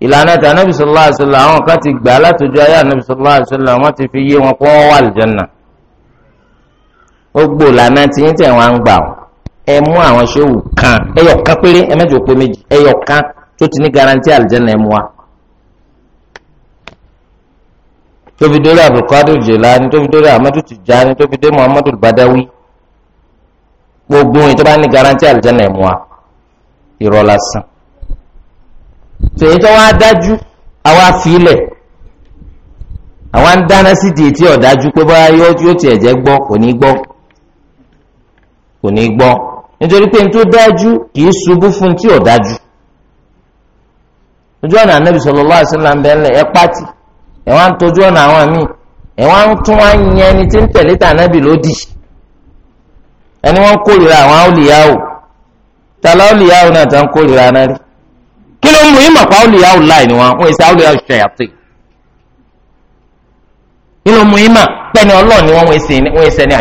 ìlànà tí anabi sallallahu alayhi wa sallam àwọn kan ti gbà látọjú ayé anabi sallallahu alayhi wa sallam wọ́n ti fi yé wọn kó wọ́n wà lìjọ́nà gbogbo ìlànà tí yín tẹ̀ wọ́n á ń gbà ọ́ ẹ mú àwọn ṣéwù kan ẹyọ kan péré ẹ mẹ́jọ pé méjì ẹyọ kan tó ti ní garanti àlìjọ́nà ẹ mú wa. tóbi dórí abdulkadir jelani tóbi dórí ahmadu tijani tóbi dé muhammadu badawi gbogbo ìtọ́ bá ní garanti àlìjọ́nà ẹ mú wa ìrọ̀ sèyí tó wá dájú àwa filẹ̀ àwa ń dáná sí di etí ọ̀dájú pé bá yóò tiẹ̀ jẹ́ gbọ́ kò ní gbọ́ kò ní gbọ́ nítorí pé n tó dájú kì í ṣubú fún tí ọ̀dájú ojú ọ̀nà anábì sallallahu alaihi wasallam ń bẹ ńlẹ̀ ẹ pàtì ẹ wá ń tọ́jú ọ̀nà àwọn míì ẹ wá ń tún wá yan ẹni tí ń tẹ̀lé tà anábì lódì ẹni kí ló ń mú yín mọ̀pá olùyà ọ̀la ni wọn wọn èsì olùyà ṣàyàtì kí ló ń mú yín mọ̀ pẹ́ni ọlọ́ọ̀ ni wọn wọn èsì ẹni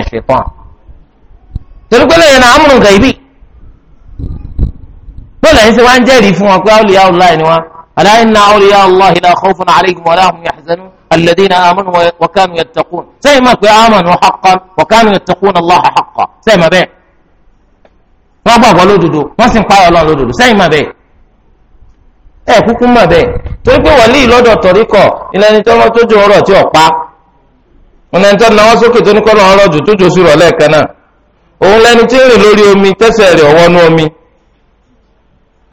àṣetán torí pé lóye náà amúnú nǹkan ibi bọ́ọ̀lù ẹ̀yìn sẹ́ wá ń jẹ́rìí fún wọn pé olùyà ọ̀la ni wọn ala inna awliya allahi la khawfun alayhim wa la hum yahzanun alladhina amanu wa kanu yattaqun sẹ́yìn máa pé amanu ẹ kúkú mọ̀ bẹ́ẹ̀ torí pé lọdọ tori kọ, ilẹ̀ ẹni tó lọ tójú ọ̀rọ̀ tí ò pa wọn ẹni tó sókè tó ní kọ́ lọ́rọ̀ jù tójú oṣù rọ̀ lẹ́ẹ̀kan náà òun lẹni tí omi tẹ́sẹ̀ rẹ̀ ọ̀wọ́nú omi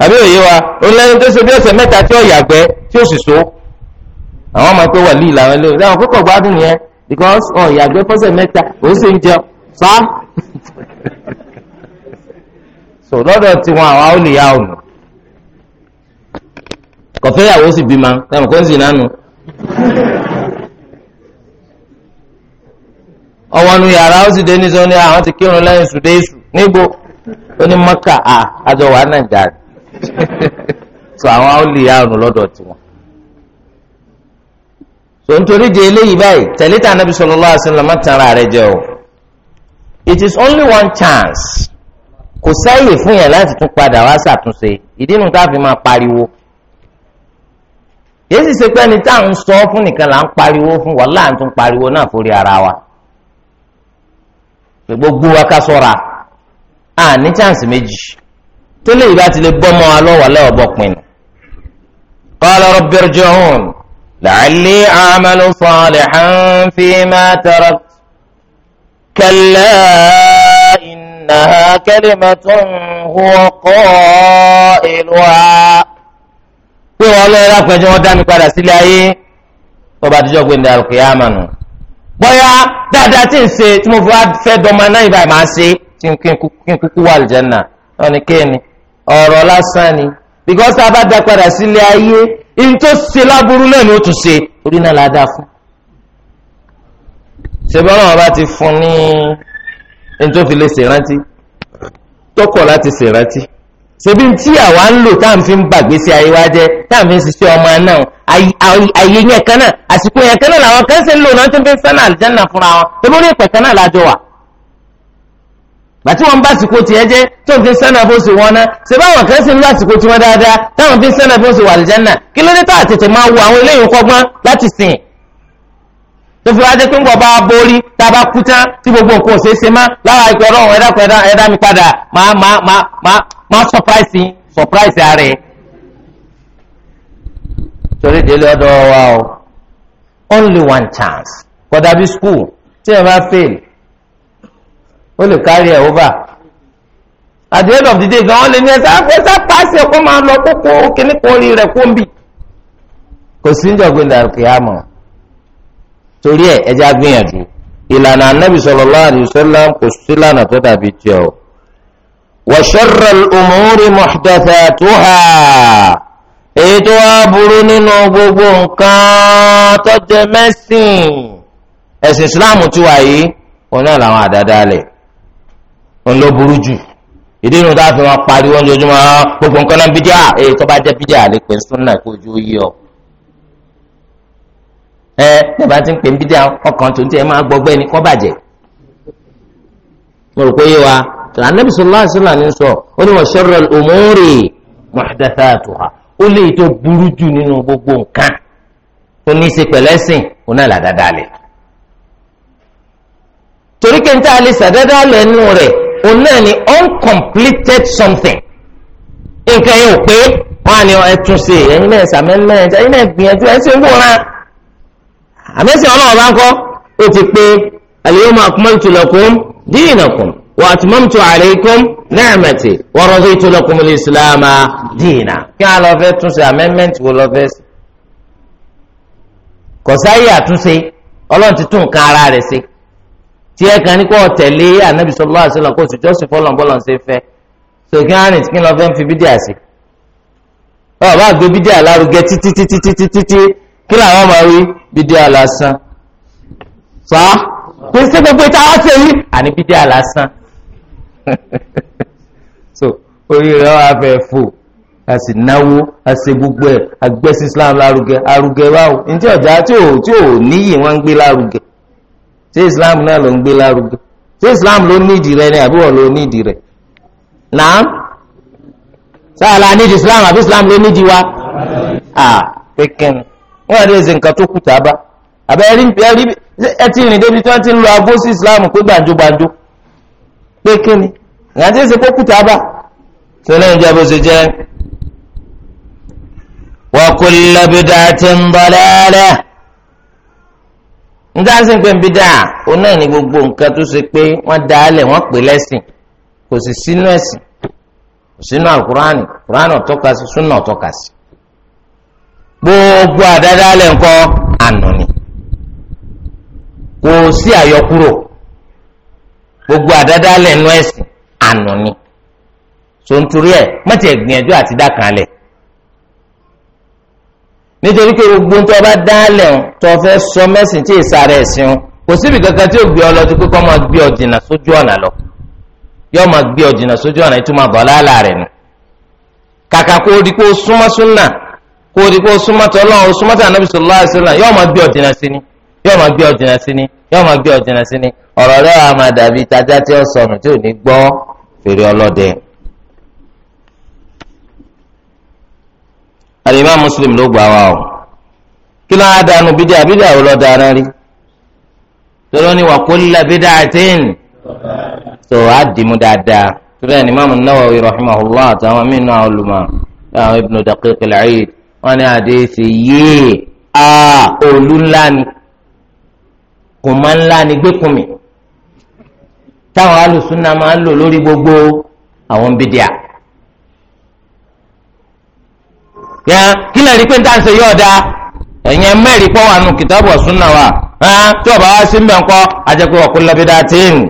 àbí òye wa òun lẹni tó ṣe bí ọ̀sẹ̀ mẹ́ta tí ó yàgbẹ́ tí ó sì so àwọn ọmọ pé wọlé ìlànà ilé òun kókò gbádùn yẹn because ọ̀ yàgbẹ́ fọ́sẹ̀ ń so tiwọn àwọn olùyà ọ̀nà kọ̀fẹ́yàwó sì bímọ táwọn kò ń sìn nánu. ọwọ́ nu yàrá ó sì dé ní sọ́ni àwọn ti kírun lẹ́yìn sùdéṣù níbo ó ní mọ́kà à àjọ wà nàìjíríà so àwọn ó lè àrùn lọ́dọ̀ tiwọn. so nítorí di eléyìí báyìí tẹ̀lé tà nàbí sallallahu alaihi wasallam má tan ara rẹ jẹ o it is only one chance kò sáyè fún yẹn láti tún padà wá ṣàtúnṣe ìdí nu ká fi máa pariwo yìí sì ṣe pé ẹni tá à ń sọ fún nìkan là ń pariwo fún wàhálà à ń tún pariwo náà forí ara wa gbogbo wa ká sọ́ra a ní chance méjì tó lè bá ti lè bọ́mọ alọ́wà lẹ́wọ̀ bọ́ pinnu. qala rabbi irji'un la'alli a'malu salihan fima tarak kalla innaha kalimatun huwa qa'iluha pé wọn lọ ẹlẹ́dàá pẹ̀jọ́ wọn dá mi padà sílé ayé ọba àtijọ́ gbé ndàlù kìyàmà nù. bóyá dáadáa tí ń ṣe tí mo fi wá fẹ́ dọ́mọ náà ìbá máa ṣe kí n kúkú wà àlùjánnà náà ni kéènì ọ̀rọ̀ lásán ni because tá a bá dá padà sílé ayé ihun tó ṣe láburú náà ni ó tún ṣe orí náà la dá fún. ṣèbí ọlọ́run bá ti fún ní ihun tó fi lè ṣèrántí tó kọ̀ láti ṣèrántí ṣebí tí àwa ń lò tá à ń fi ń bàgbèsè ayé wa jẹ tá à ń fi ń ṣiṣẹ́ ọmọ náà ayé yẹn kan náà àsìkò yẹn kan náà làwọn kan ṣe ń lò náà tó fi ń sánà àlùjánnà fúnra wọn tó lórí ìpẹ̀ kan náà lájọ wà. bàtí wọn bá àsìkò tiẹ̀ jẹ tó ń fi sánà bó ṣe wọn náà ṣe báwọn kan ṣe ń lo àsìkò tiwọn dáadáa táwọn fi ń sánà bó ṣe wà àlùjánnà kí ló dé tá àtètè máa wo àwọn eléyìí kọ́gbọ́n láti sìn tó fi wá jẹ́ pé ń bọ̀ bá borí tá a bá kú tán tí gbogbo nǹkan ò ṣeé ṣe má láwa ìpẹ̀rọ̀ ẹ̀dá ẹ̀dá mi padà máa máa máa má sọpráìsì surprise ara ẹ torí délé ọ̀dọ̀ wa o only one chance kódà bí school tí ẹ bá fail ó lè kárí ẹ over at the end of the day gan wọn lè ní ẹsẹ ẹsẹ paasi ẹkọ máa lọ kókó kíní kan rí rẹ kó ń bì kò sí níjọ gbé dàrúkì àmọ́ torí ẹ ẹjẹ agbìyànjú ìlànà anábì sallallahu alaihi wasallam kò sí lánàá tó dàbí tiẹ̀ o. وشر الأمور محدثاتها ètò aburú nínú gbogbo nǹkan tó jẹ mẹ́sìn ẹ̀sìn islam tí wà yìí òun náà làwọn àdádálẹ̀ òun ló burú jù ìdí inú táà fi wọn pariwo ojoojúmọ́ gbogbo nǹkan náà bídíà èyí tó bá jẹ bídíà lè pè súnà kó ojú yí ọ. ẹ bàbá ti ń pè bídíà ọkàn tó ń tẹ ẹ máa gbọgbẹ́ ni kọ́ bàjẹ́ mo rò pé yé wa anabi sallallahu alaihi wasallam ní sọ ó ní wa sharral umuri muhdathatuha ó lè tó burú jù nínú gbogbo nǹkan tó ní í ṣe pẹ̀lẹ́sìn ó náà là dáadáa lẹ̀ torí kẹntẹ́ alẹ́ sàdáadáa lẹ̀ nù rẹ̀ ó náà ní uncompleted something nǹkan yẹn ò pé wọ́n á ní ẹtún sí ẹ̀yin náà sàmẹ́mẹ́ ẹ̀yin náà gbìyànjú ẹ̀ ṣe àmẹ́sìn ọlọ́run kọ́ ó ti pé al wa atmamtu alaykum ni'mati wa raditu lakum al-islam diina. kí wọn lọ fẹ́ túnṣe amendment wo lọ fẹ́ sí. kò sáyé àtúnṣe ọlọ́run ti tún nǹkan ara rẹ̀ ṣe. tí ẹ kàn ní kó tẹ̀lé anabi sallallahu alaihi wasallam kó sì jọ́sìn fọlọ́n bọ́lọ́n ṣe fẹ́. so kí wọn rìn kí lọ fẹ́ fi bídíà sí. ọ̀ bá gbé bídíà lárugẹ títí so orí rẹ̀ wà fẹ́ fò a sì náwó a ṣe gbogbo agbẹ́sí islam lárugẹ arugẹ báwo ntí ọ̀já tí ò tí ò níyì wọ́n ń gbé lárugẹ ṣé islam náà ló ń gbé lárugẹ ṣé islam ló nídìí rẹ ni àbí wọ́n ló nídìí rẹ̀ náà sáàlà nídìí islam àbí islam ló nídìí wa ah pékin wọn àdé ṣe nǹkan tó kùtà bá àbẹ ẹ ti rìn débi tí ti ń lo agbó si islam pé gbàǹjo gbàǹjo. pé kíni ìyá tí ń ṣe kókùtà bá tẹ́lẹ̀ ìjọba bó ṣe jẹ́ wa ti bid'atin dalalah tí ń pè ń bídà ní gbogbo nǹkan tó ṣe pé wọ́n dá a lẹ̀ wọ́n pè lẹ́sìn kò sì sínú ẹ̀sìn kò sínú àkùránì kùránì ọ̀tọ́ka sí súnà ọ̀tọ́ka sí gbogbo àdádálẹ̀ ńkọ́ ànàní kò sí àyọkúrò. gbogbo àdáda lẹ́nu ẹ̀sìn ni so nítorí ẹ̀ mọ̀tì ẹ̀gbìyànjú àti dákanlẹ̀ nítorí pé gbogbo tó bá sọ mẹ́sìn tí ìsàrà esi kò síbi kankan tí ó gbé ọ lọ ju pé kó máa gbé lọ yọ máa gbé ọdịna sójú ọ̀nà ìtumọ̀ rẹ̀ nù kàkà kó o di kó o súnmọ́ súnà kó o di kó o súnmọ́ tọ́lọ́ o súnmọ́ yóò máa gbé ọ jìnnà sí ni yóò máa gbé ọ jìnnà sí ni ọ̀rọ̀ rẹ̀ wà máa dàbí tajá tí ó sọnù tí ò ní gbọ́ fèrè ọlọ́dẹ. àlìmá Muslim ló gbà wá o kí ló á dànù bídà bídà ò lọ dáná rí tọ́lọ́ ni wà kulla bid'atin tó a dìmú dáadáa torí ẹni Imam Nawawi rahimahullah àtàwọn mìíràn àwọn olùmọ̀ àwọn Ibn Daqiq al wọn ni àdéhìí ṣe yéé a olú ńlá ni kò máa ń lá ni gbẹ́kùnmí táwọn alùsùnà máa ń lò lórí gbogbo àwọn bídíà. yà kí lè rí pé níta ń ṣe yóò da ẹ̀yìn mẹ́rin pọ̀ wà nù kìtàbù ọ̀sùnà wa tí ọba wa sí mbẹ̀ ńkọ́ ajẹ́pẹ́ ọ̀kú lọ́bídà tíìmù.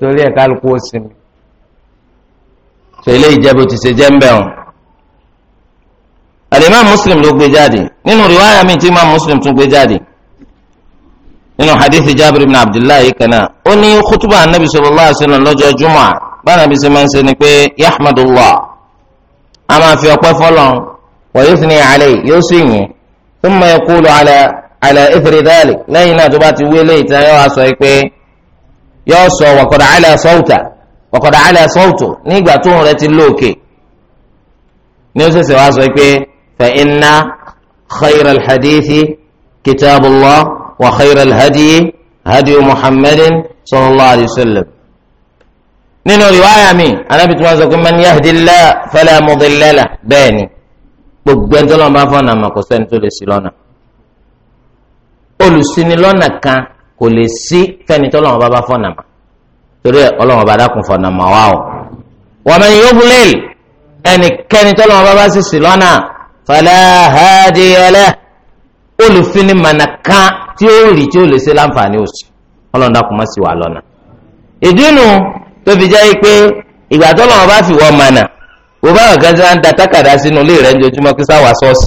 torí ẹ̀ kálukú ó sinmi. sọ eléyìí jẹ́ ti ṣe jẹ́ mbẹ́ wọn alimam muslim ló gbé jáde nínú riwaya mi tí imam muslim tún gbé jáde nínú hadithi jabir ibn abdullahi kana ó ní khutuba anabi sallallahu alaihi wasallam lọ́jọ́ jumua báyìí anabi sọ ma ń sẹ ni pé yahmadullah a máa fi ọpẹ́ fọ́lọ́run wa yuthni alayhi yóò sì yìn thumma yaqulu ala ala ithri dhalik lẹ́yìn náà tó bá ti wílé ìtàn yóò sọ pé yóò sọ wa qad ala sawta wa qad nígbà tó rẹ ti lóòkè ní ó sẹsẹ wá sọ pé. فإن خير الحديث كتاب الله وخير الهدي هدي محمد صلى الله عليه وسلم nínú riwaayà mi anabi tí wọn sọ pé man yahdillah fala mudilla lah bẹ́ẹ̀ ni gbogbo ẹni tó lọ́n bá fọ́nà àmọ́ kò sẹ́ni tó lè ṣì lọ́nà olùṣinilọ́nà kan kò lè sí fẹ́ni tó lọ́n bá bá fọ́nà àmọ́ torí ẹ ọlọ́wọ́n bá dákun fọ́nà àmọ́ wa o wa man yudlil ẹnikẹ́ni tó lọ́n bá bá sì ṣì lọ́nà fala hadiya lahu olùfini mànàká tí ó rì tí ó lè ṣe láǹfààní òsì ọlọ́run si má ṣì wà lọ́nà. ìdínú tó fi jẹ́ pé ìgbà tó lọ́wọ́ fi wọ́ mànà wò bá ọ̀gá ṣe ń da tákàdá sínú ilé rẹ̀ lójoojúmọ́ kí sáwà sọ́ọ̀sì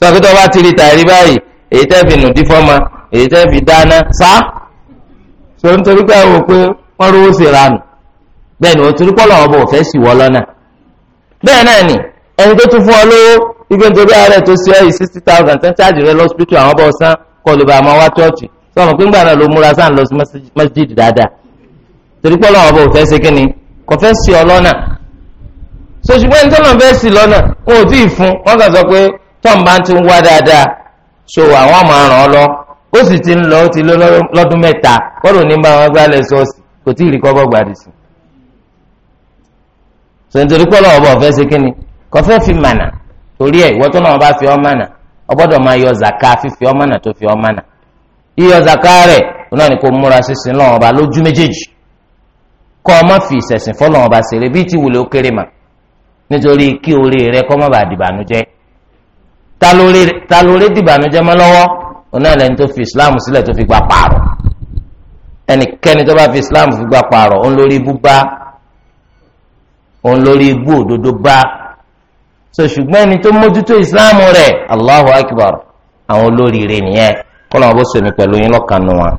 sáwà pé tó bá ti rí tàrí báyìí nù ka fọ́mọ èyí tẹ́ fi dáná sá. sọ nítorí pé ẹni tó tún fún ọ lówó ike nítorí ààrẹ tó ṣe ẹyìn sixty thousand ten charge rẹ lọ́sibítù àwọn bọ̀ sán kọ́ lè bá ọmọ wá chọ́ọ̀chì sọ̀rọ̀ pé ńgbà náà ló múra sáà lọ sí masjid dáadáa torí pé ọlọ́wọ́ bò fẹ́ ṣe kí ni kò fẹ́ sí ọ lọ́nà sọ̀ṣùgbọ́n ní tọ́lọ̀ fẹ́ sí lọ́nà wọn ò tí ì fún wọn kà sọ pé tọ́m bá ti ń wá dáadáa so àwọn ọmọ àràn ọ lọ ó sì ti ń lọ ó ti lọ́dún mẹ́ta ní bá wọn kọfẹ́ fi mànà torí ẹ̀ ìwọ́n tó náà bá fi ọ́ mànà ọgbọ́dọ̀ máa yọ zaka fífi ọ́ mànà tó fi ọ́ mànà yíyọ zaka rẹ̀ òun náà ni kò múra sísìn lọ́wọ́n ọba lójú méjèèjì kọ́ ọ má fi ìṣẹ̀sìn fọ́lọ́wọ́n ọba ṣeré bíi ti wùlé ó kéré mà nítorí kí orí rẹ kọ́ má bàa dìbànújẹ́ ta dìbànújẹ́ mọ́ lọ́wọ́ òun náà lẹni tó fi Islam sílẹ̀ tó fi gba pààrọ̀ ẹnikẹ́ni tó bá fi Islam fi gba pààrọ̀ òun lórí ibú bá òun lórí ibú òdodo bá so ṣùgbọ́n ẹni tó mójútó ìsìláàmù rẹ̀ allahu akbar àwọn olóríire nìyẹn kọ́ làwọn bó sèmi pẹ̀lú yín lọ́kànnù wọn.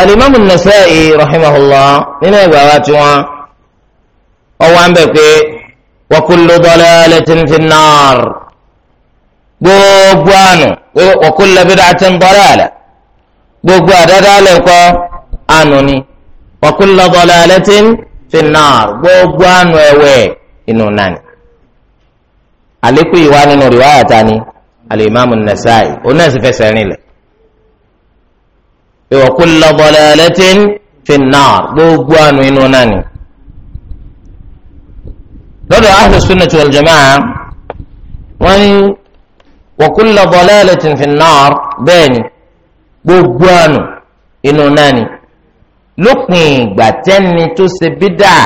alimami nasa'i rahimahullah nínú ẹgbẹ́ wa tí wọ́n ọwọ́ à ń bẹ̀ pé wa kullu dalalatin fin nar gbogbo àánú wa kullu bid'atin gbogbo àdáda lẹ́kọ́ àánú ni wa kullu dalalatin finnar gbogbo àánú ẹ̀wẹ̀ inú nani àlékún yìí wá nínú riwaya ta ni alimami nasai òun náà sì fẹsẹ̀ rìn lẹ̀ wa kullu dalalatin finnar gbogbo àánú inú nani lọ́dọ̀ ahlu sunnati wal jamaa wọ́n wa kullu dalalatin finnar bẹ́ẹ̀ gbogbo àánú inú nani lópin ìgbà tẹ́ni tó ṣe bídà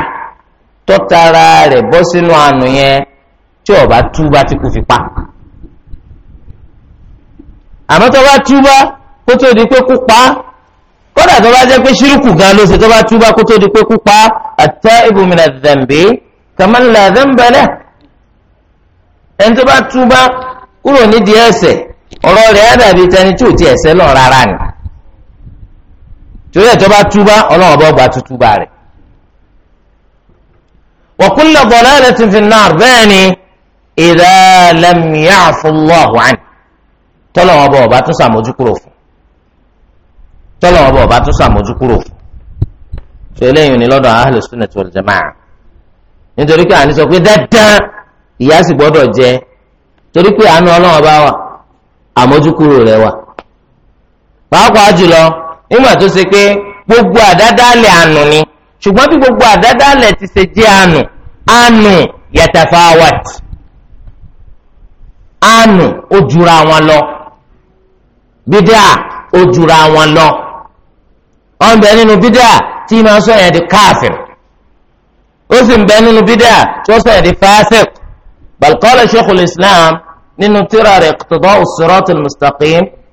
tọ́tara rẹ̀ bọ́ sínú àánú yẹn tí ó bá túbá tí kú fi pa àmọ́ tó bá túbá kó tó di pé kú pa kódà tó bá jẹ́ pé ṣírùkù gan ló ṣe tó bá túbá kó tó di pé kú pa at-taibu min adh-dhanbi ẹni tó bá túbá kúrò nídìí ẹ̀ṣẹ̀ ọ̀rọ̀ rẹ̀ á dàbí tẹni tí ò ti ẹ̀ṣẹ̀ lọ rárá ni. torí ẹ̀ tuba bá túbá ọlọ́run bá gba tútúbá rẹ̀. wa kullu bẹ́ẹ̀ ni idha lam ya'fu Allahu tọ́lọ́wọ́n ọba tún sàmójúkúrò fún tọ́lọ́wọ́n bá ọba tún sàmójúkúrò fún ṣe eléyìí ni lọ́dọ̀ ahlu sunnati wal jama'a nítorí pé àní sọ pé ìyá sì gbọ́dọ̀ jẹ nígbà tó ṣe pé gbogbo àdádálẹ̀ àánú ni ṣùgbọ́n bí gbogbo àdádálẹ̀ ti ṣe jẹ́ àánú àánú yatafawat àánú ó jura wọn lọ bídà ó jura wọn lọ ọ̀nbẹ nínú bídà tí máa sọ yẹn di káfir ó sì ń bẹ nínú bídà tí ó sọ yẹn di fásik bal qala islam nínú tírà rẹ̀ Iqtida'us siratil mustaqim.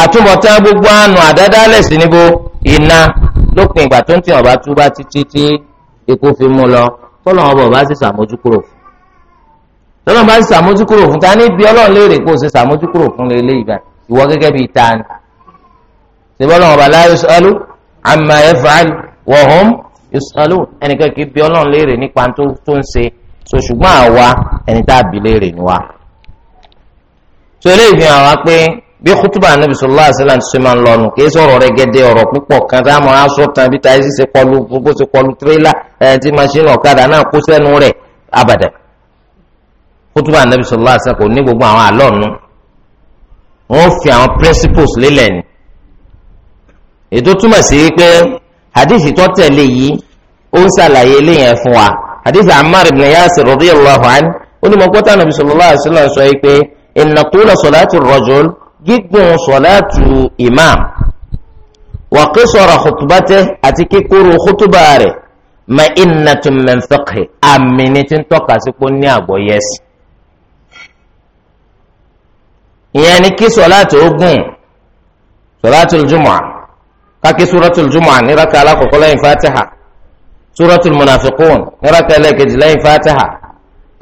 àtúbọ̀tán gbogbo àánú àdádálẹ̀ sí níbo iná lópin ìgbà tó ń tìwọ̀n bá túbá títí tí ikú fi mú lọ tọ́lọ̀ wọn bọ̀ bá sì sàmójúkúrò fún tọ́lọ̀ bá sì sàmójúkúrò fún ta ní bí ọlọ́run léèrè kó o sì sàmójúkúrò fún lélẹ́ ìgbà ìwọ gẹ́gẹ́ bíi ta ni ṣèbọ́lọ́ wọn bá la yusalu amma yaf'al wa hum yusalun ẹnìkan kì í bí ọlọ́run léèrè nípa tó ń ṣe so ṣùgbọ́n àwa ẹni tá a bí léèrè ni wa. so eléyìí fi hàn wá pé bí kutuba anabi sallallahu alaihi wasallam ṣe máa ń lọnu kì í sọ̀rọ̀ rẹ̀ gẹ́dẹ́ ọ̀rọ̀ púpọ̀ kan tá a mọ̀ á sọ tán bí táyé ṣe kọlu gbogbo ṣe kọlu tirẹ́là ẹ̀ tí masínì ọ̀kadà náà kó sẹ́nu rẹ̀ abàdà kutuba anabi sallallahu alaihi wasallam kò ní gbogbo àwọn àlọ́ọ̀nù wọ́n fi àwọn principles lélẹ̀ ni ètò túmọ̀ sí pé hadith tó tẹ̀lé yìí ó ń ṣàlàyé eléyẹn fún wa hadith ammar ibn yasir radiyallahu anhu ó ní mọ̀gbọ́tà gígùn sọ̀láàtù imam wa kí qisara khutbatih àti kíkúrú kútùbà rẹ̀ ma innatun min fiqhi àmì ní ti ń tọ́ka sí pé ní àgbọ́yé sí. ìyẹn ni kí sọ̀láàtù ogun sọ̀láàtù jùmọ̀à kákí súrọ́tù jùmọ̀à ní rákà alákọ̀ọ́kọ́ lẹ́yìn fatiha súrọ́tù munafiqun ní rákà ẹlẹ́kejì lẹ́yìn fatiha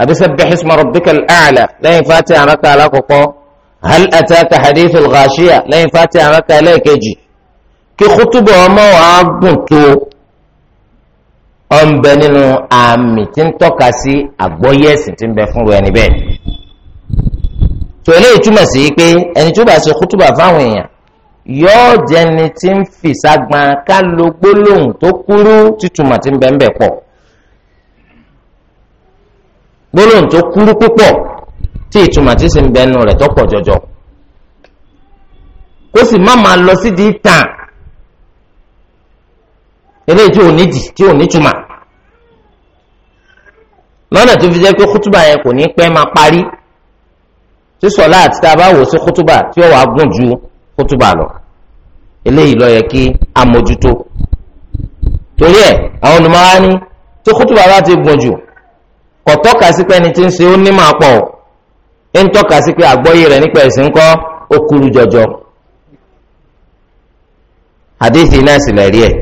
àbí sabbih isma rabbikal a'la lẹ́yìn fatiha rákà alákọ̀ọ́kọ́ hal ataka hadith al-ghashiya lẹ́yìn fati àmàkà ẹlẹ́ẹ̀kejì kí kútùbọ̀ ọmọ wa gùn tó ọ̀nbẹ nínú àmì tí ń tọ́ka sí àgbọ́yẹ̀sìn tí ń bẹ fún ẹni bẹ́ẹ̀. tòlẹ́ ìtumọ̀ sí pé ẹni tó bá ṣe kútùbà fáwọn èèyàn yóò jẹni tí ń fìṣàgbọn ká lo gbólóhùn tó kúrú títúmọ̀ tí ń bẹ ń bẹ pọ̀ gbólóhùn tó kúrú púpọ̀ tí ìtumọ̀ tí sì ń bẹnu rẹ̀ tọ́pọ̀ jọjọ kó sì má máa lọ sídìí tàn eléyìí tí ò nídìí tí ò nítumọ̀ lọ́nà tó fi jẹ́ pé kútùbà yẹn kò ní pẹ́ máa parí tí sọ̀lá àti tá a bá wò sí kútùbà tí ó wàá gùn ju kútùbà lọ eléyìí ló yẹ kí a mójútó torí ẹ̀ àwọn olùmọ̀wá ní tí kútùbà bá ti gùn jù kò sí pé tí ń ṣe ó ní máa pọ̀ o ń tọ́ka sí pé àgbọ́yé rẹ̀ nípa ẹ̀sìn kọ́ ó kúrú jọjọ àdéhìí náà sì lẹ̀rí ẹ̀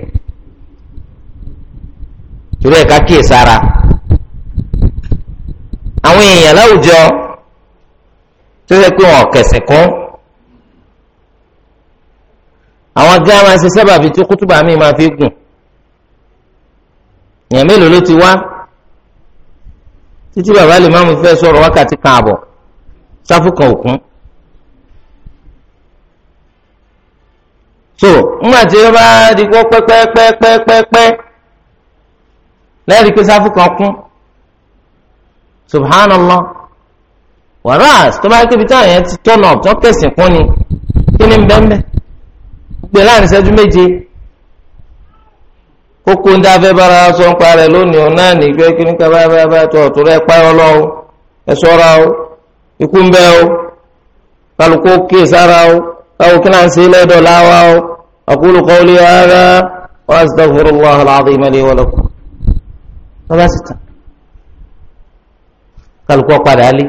torí ẹ̀ ká kíyè sára àwọn èèyàn láwùjọ tó yẹ pé wọn kẹsìn kún àwọn gán máa ń ṣe sábàbí tó kútùbà míì máa fi gùn èèyàn mélòó ló ti wá títí bàbá lè má mú fẹ́ sọ̀rọ̀ wákàtí kan àbọ̀ sáfùkọ òkun. so ńgbà tí ó bá di kó pẹ́pẹ́pẹ́pẹ́pẹ́ lẹ́rìí pé sáfùkọ kún subhanallah wàrà tó bá kébi táwọn yẹn ti tọ́nà tó tẹ̀sìn kún ni kí ni bẹ́ẹ̀ gbé láàrin ìṣẹ́jú méje kókó ń dáfẹ́ bára sọ ń parẹ́ lónìí ọ̀nà ní kí ní ká bá bá tó rẹ̀ pa ọ́ lọ́wọ́ ẹ sọ́ra o ikú ń bẹ o kálukú kí sára o káwọn kí náà ń ṣe lẹ́dọ̀ láwa o aqulu qawli hadha wa astaghfirullaha al-azim li wa lakum lọ́ba sì tán kálukú padà lé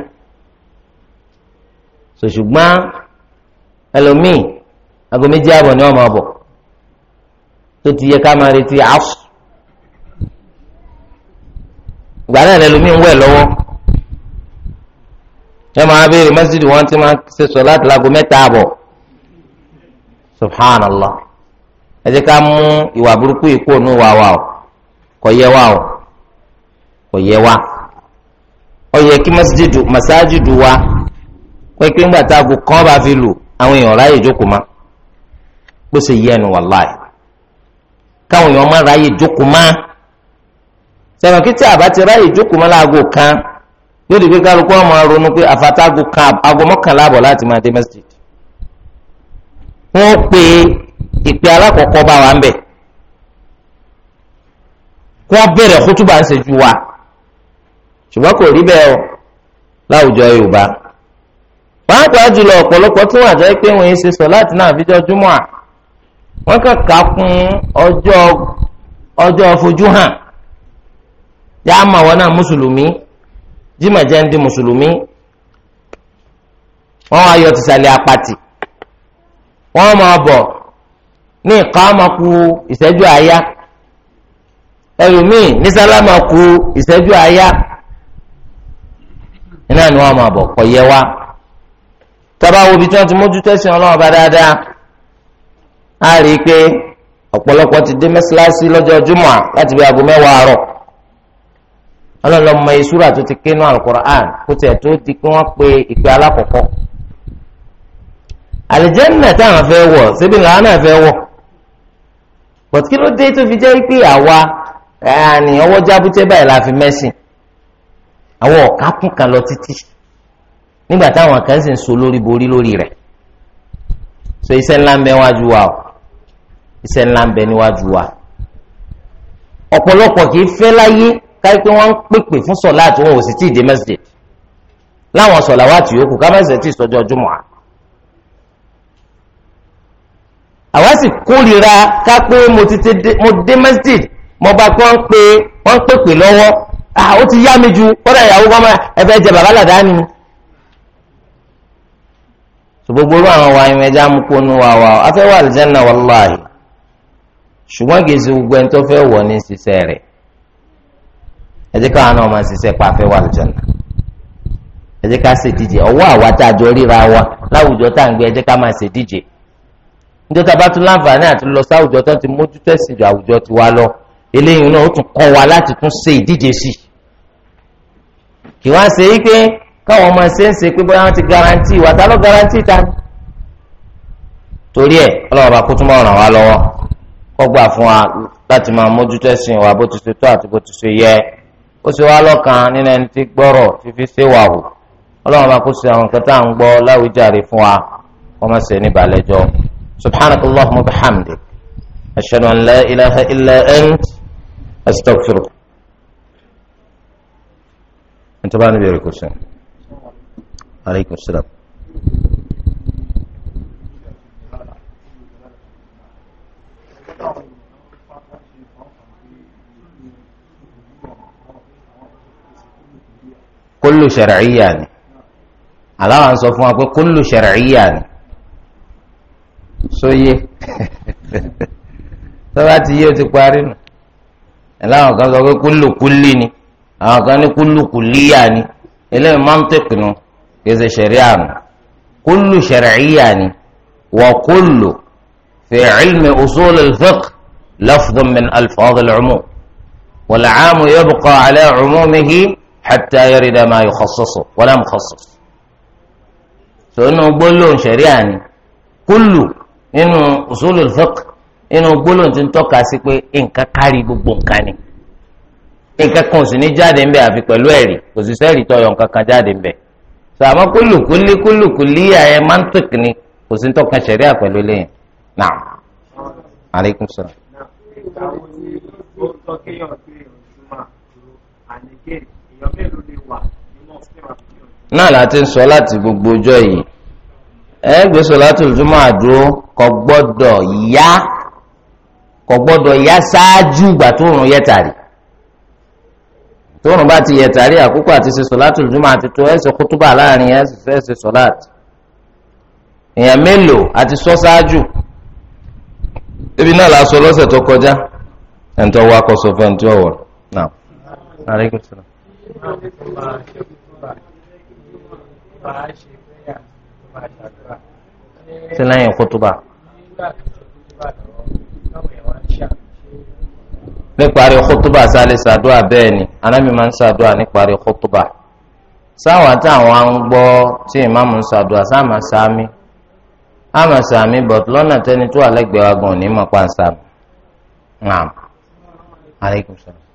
ṣùgbọ́n ẹlòmíì aago méjì ààbọ̀ ni wọ́n máa bọ̀ tó ti yẹ ká máa retí àásù ìgbà náà ń wẹ̀ lọ́wọ́ ẹ máa béèrè mọ́sídìí wọn ti máa ṣe sọ láti láago mẹ́ta àbọ̀ subhanallah ẹ jẹ́ ká mú ìwà burúkú yìí kúrò ní wa wa o kò yẹ wa o kò yẹ wa ó yẹ kí mọ́sídìí mọ́sáájìdù wa pẹ́ẹ́pẹ́ ńgbà tá a kò kọ́ bá fi lù àwọn èèyàn ráyè jókòó ma bó ṣe yẹ wàláì káwọn èèyàn má ráyè jókòó ma sẹ́wọ̀n kí ti ráyè jókòó ma láago kan yóò dìbò kálukú ọmọ ronú pé àfàtàgò kan aago mọ́kànlá àbọ̀ láti máa dé masjid wọ́n pe ìpè alákọ̀ọ́kọ́ bá wa ń bẹ̀ kí wọ́n bẹ̀rẹ̀ kútùbà ń ṣẹ́jú wa ṣùgbọ́n kò rí bẹ́ẹ̀ o láwùjọ yorùbá pàápàá jùlọ ọ̀pọ̀lọpọ̀ tí wọ́n àjẹ́ pé wọ́n ń ṣe sọ láti náà fi jọ júmọ́ à wọ́n kàn kún ọjọ́ ọjọ́ fojú hàn yá mà wọn náà mùsùlùmí jimá jẹ́ ń di mùsùlùmí wọ́n wá yọ tìsàlẹ̀ apàtì wọ́n máa ní ìkáàmà ku ìṣẹ́jú àáyá ẹlòmíì ní sálámà ku ìṣẹ́jú àáyá iná ni wọ́n máa bọ̀ kọ̀ yẹ wá tọ́ba wo ibi tí wọ́n ti mójútó ẹ̀sìn ọlọ́run bá dáadáa á rí i pé ọ̀pọ̀lọpọ̀ ti dé mẹ́sàlásí lọ́jọ́ júmọ̀ láti bí aago mẹ́wàá àárọ̀ ọlọ́run mọ ìṣúra tó ti ké nú alukur'an kó tiẹ̀ tó di kí wọ́n pe ìpè alákọ̀ọ́kọ́ àlìjẹ́nà táwọn fẹ́ wọ̀ síbi làwọn náà fẹ́ wọ̀ but kí ló dé tó fi jẹ́ pé àwa ní ọwọ́ jábútẹ́ báyìí la fi mẹ́sìn àwọn ọ̀ká kún kan lọ títí nígbà táwọn kan sì ń so lórí borí lórí rẹ̀ so iṣẹ́ ńlá ń bẹ níwájú wa o iṣẹ́ ńlá ń bẹ níwájú wa ọ̀pọ̀lọpọ̀ kì í fẹ́ láyé káyipé wọ́n ń pèpè fún sọ̀lá àti wọn ò sì tí ì dé masjid láwọn sọ̀lá wa ti yòókù kámẹ́sẹ̀ tí ì sọ́jọ́ jùmọ̀ à. àwa sì kórìíra ká pé mo ti tẹ mo dé masjid mo bá pé wọ́n pé wọ́n pèpè lọ́wọ́ ó ti yá mi ju kọ́dà ìyàwó kan máa jẹ bàbá làdá ni. gbogbo orú àwọn wa ìwọ̀n ẹja mú kónú wa wa afẹ́ wà aljanna wallahi ṣùgbọ́n kì í ṣe gbogbo ẹni tó fẹ́ wọ̀ ní ṣiṣẹ́ rẹ̀ ẹ jẹ́ káwọn náà máa ṣiṣẹ́ pa afẹ́ wà lùjọ́nà ẹ jẹ́ ká ṣèdíje ọwọ́ àwa ríra wa láwùjọ tá à ń gbé ẹ jẹ́ ká máa ṣèdíje níjọ́ tá a bá tún láǹfààní àti lọ sáwùjọ tó ti mójútó ẹ̀sìn ju àwùjọ ti wa lọ eléyìí náà ó tún kọ́ wa láti tún ṣe ìdíje sí i kì wá ṣe wípé káwọn ọmọ ṣe ń ṣe pé bóyá wọ́n ti garanti ìwà tá ló garanti ta ni torí ẹ̀ ọlọ́run bá kó tún máa ràn wá lọ́wọ́ kó fún wa láti máa mójútó ẹ̀sìn wa bó ti ṣe tó àti bó ti ṣe yẹ ó sì wá lọ́kàn nínú ẹni tí gbọ́rọ̀ fífi ṣéwà wò ọlọ́run bá kó sí àwọn nǹkan tá à ń gbọ́ láwùjáre fún wa wọ́n máa ṣe ní balẹ̀jọ́ subhanakallahumma wa bihamdik ashhadu an la ilaha illa ant astaghfiruk. ẹni tó bá níbi èrè kò sí. aleykum salaam. kólù ṣẹ̀rẹ̀ẹ́yà ni aláwa ń sọ fún wa pé kólù so ye sóyè bá ti yé o ti parí nù aláwọn kan sọ pé kólù kúlì ni àwọn kan ní kólù kùlíyà ni eléyìí máa ń tẹ̀kù nù kèsè ṣẹ̀rẹ̀ẹ́yà nù kólù ṣẹ̀rẹ̀ẹ́yà ni wà kólù fi ilmi usul al-fiqh lafdun min alfadhi al-umum wal aam yabqa ala umumihi. hatta yarida ma yukhassasu wala mukhassas sọnù gbólóhùn ṣẹ̀ríà ni kúlù nínú usulul fiqh nínú gbólóhùn tí ń tọ́ka sí pé nǹkan kárí gbogbo nǹkan ni nǹkan kan ò sì ní jáde ńbẹ àfi pẹ̀lú ẹ̀rí kò sì sẹ́ẹ̀rí tọyọ nǹkan kan jáde ńbẹ sọ àmọ́ kúlù kúlí kúlù kúlí ayẹ mantik ni kò sí ń tọ́ka ṣẹ̀ríà pẹ̀lú lẹ́yìn náà aleykum salaam náà láti ń sọ láti gbogbo ọjọ́ yìí ẹgbẹ́ sọ̀látùl Jumu'ah dúró kò gbọ́dọ̀ yá kò gbọ́dọ̀ yá ṣáájú ìgbà tóòrùn yẹtàrí tóòrùn bá ti yẹtàrí àkókò àti ṣe sọ̀látùl Jumu'ah àti tó ẹsẹ̀ kútúbà láàrin ẹsẹ̀ ẹsẹ̀ sọ̀látù èèyàn mélòó àti sọ ṣáájú ebi náà la sọ lọ́sẹ̀ tó kọjá ẹ̀ńtọ́ wa kọ sọ fún ẹ̀ńtọ́ ọ̀wọ̀ náà náà ní kó máa ṣe kúrúbà máa ṣe fẹ́yà tó máa ṣàdúrà. sí lẹ́yìn kútúbà. níparí kútúbà sálẹ̀ ṣàdúrà bẹ́ẹ̀ ni anábì máa ń ṣàdúrà níparí kútúbà sáwọn táwọn á ń gbọ́ tí ìmáàmù ń ṣàdúrà sáàmà sáàmì àmà sáàmì bọ̀t lọ́nà tẹ́ni tó àlẹ́gbẹ̀ẹ́ wa gan-an ní mọ̀ pa sáàmì. naam aleykum salaam.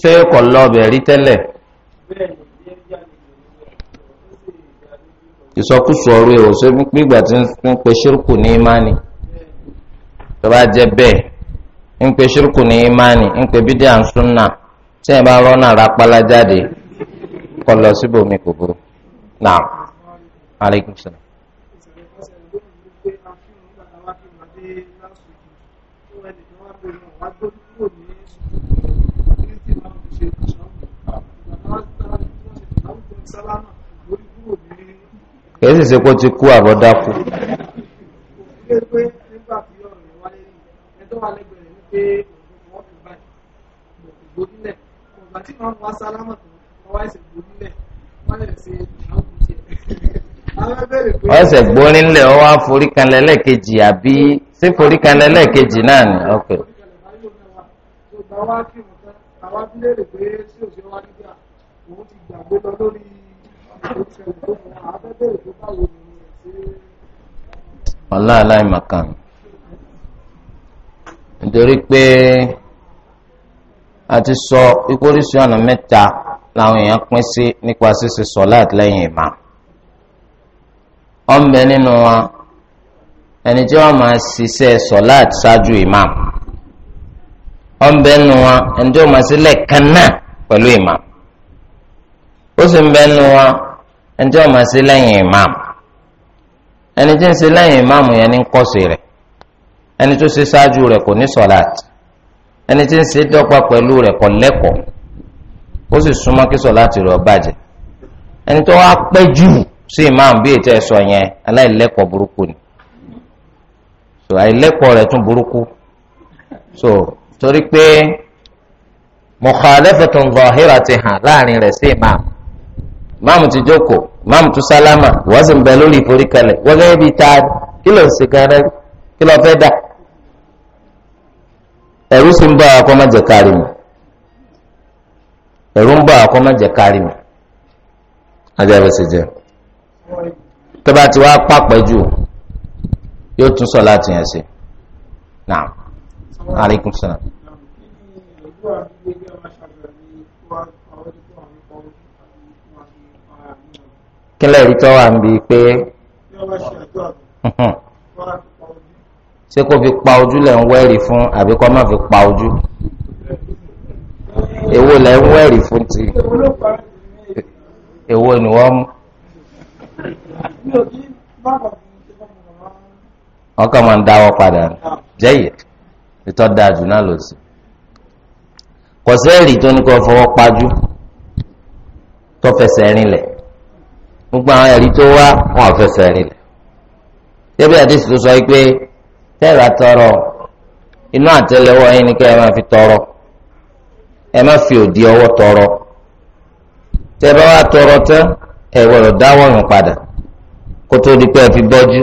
ṣé kò lọ ọbẹ̀ rí tẹ́lẹ̀ ìsọkúsọ ọ̀rọ̀ èrò ṣé nígbà tí ń pe ṣírkù ní ìmánì tó bá jẹ bẹ́ẹ̀ ń pe ní ìmánì ń pe bídíà ń tí ẹ bá rápálá jáde kọ kò wàá gbé kúrò ní trinity náà fi ṣe ìṣàwọn ìgbà náà tẹ́lá ní wọ́n ṣe ìṣàwọn tó ń sálámà lórí kúrò ní. kó ti kú àbọ̀dákú. ṣé ọ̀sẹ̀ gbórin lẹ̀ ọ wá àbí ṣé forí kan náà ni. Okay ìgbà wá kí n tán àwa bí léèrè pé sí òṣèré wá nígbà òun ti gbàgbé lọ lórí ìgbésẹ̀ tó fún wa abẹ́bẹ̀rẹ̀ tó báwo ni ṣe. ọlá aláìmọ̀kan nítorí pé a ti sọ ipóríṣi ọ̀nà mẹ́ta làwọn èèyàn pín sí nípa ṣíṣe sọ̀láàtì lẹ́yìn ìmá ọ̀nbẹ nínú wa ẹni tí wọ́n máa ṣiṣẹ́ sọ̀láàtì ṣáájú ìmáàmù ọ̀nbẹ nu wọn ẹnjọ́ ṣe náà pẹ̀lú imam ó sì bẹ nu wọn ṣe lẹ́yìn imam ẹni tí ń ṣe lẹ́yìn imam yẹn ní kọ́sì ẹni tó ṣe ṣáájú rẹ̀ kò ní sọ̀láàtì ẹni tí ń ṣe dọ́gba pẹ̀lú rẹ̀ kò lẹ́kọ̀ọ́ ó sì súnmọ́ kí so torí pé mukhalafatun zahira ti hàn láàrin rẹ̀ sí imam imam ti jókòó imam tu sálámà wọ́n sì ń bẹ lórí ìforíkalẹ̀ wọ́n gẹ́gẹ́ bíi ta kí ló ń ṣe gan rẹ̀ kí ló fẹ́ dà ẹ̀rú sì ń bọ̀ àwọn akọ́mọ̀jẹ̀ kárí mi ẹ̀rú ń bọ̀ àwọn akọ́mọ̀jẹ̀ kárí mi ajábẹ̀ sì jẹ́ tó bá ti wá pàpẹ́ jù yóò tún sọ láti yẹn sí náà aleykum salaam. kílẹ̀ rí tọ́wà ń bi pé ṣé kó fi pa ojú lẹ̀ ń wẹ́rì fún àbí kó má fi pa ojú èwo lẹ̀ ń wẹ́rì fún ti èwo ni wọ́n mú. ọkàn máa ń dáwọ́ padà jẹ́yẹ̀. ìtọ́ dáa jù náà lọ sí kọ̀sẹ́ẹ̀rì tó ní kó fọwọ́ pajú tó fẹsẹ̀ rinlẹ̀ gbogbo àwọn ẹ̀rí tó wá wọn ò fẹsẹ̀ rinlẹ̀ yẹ́bí àdìsí tó sọ pé tẹ́ẹ̀rà tọrọ inú àtẹ́lẹwọ́ yín ni kẹ́ ẹ máa fi tọrọ ẹ má fi òdi ọwọ́ tọrọ tẹ́ bá wá tọrọ tán ẹ gbọ́dọ̀ dáwọ́ yàn padà kó tó di pé ẹ fi bọ́jú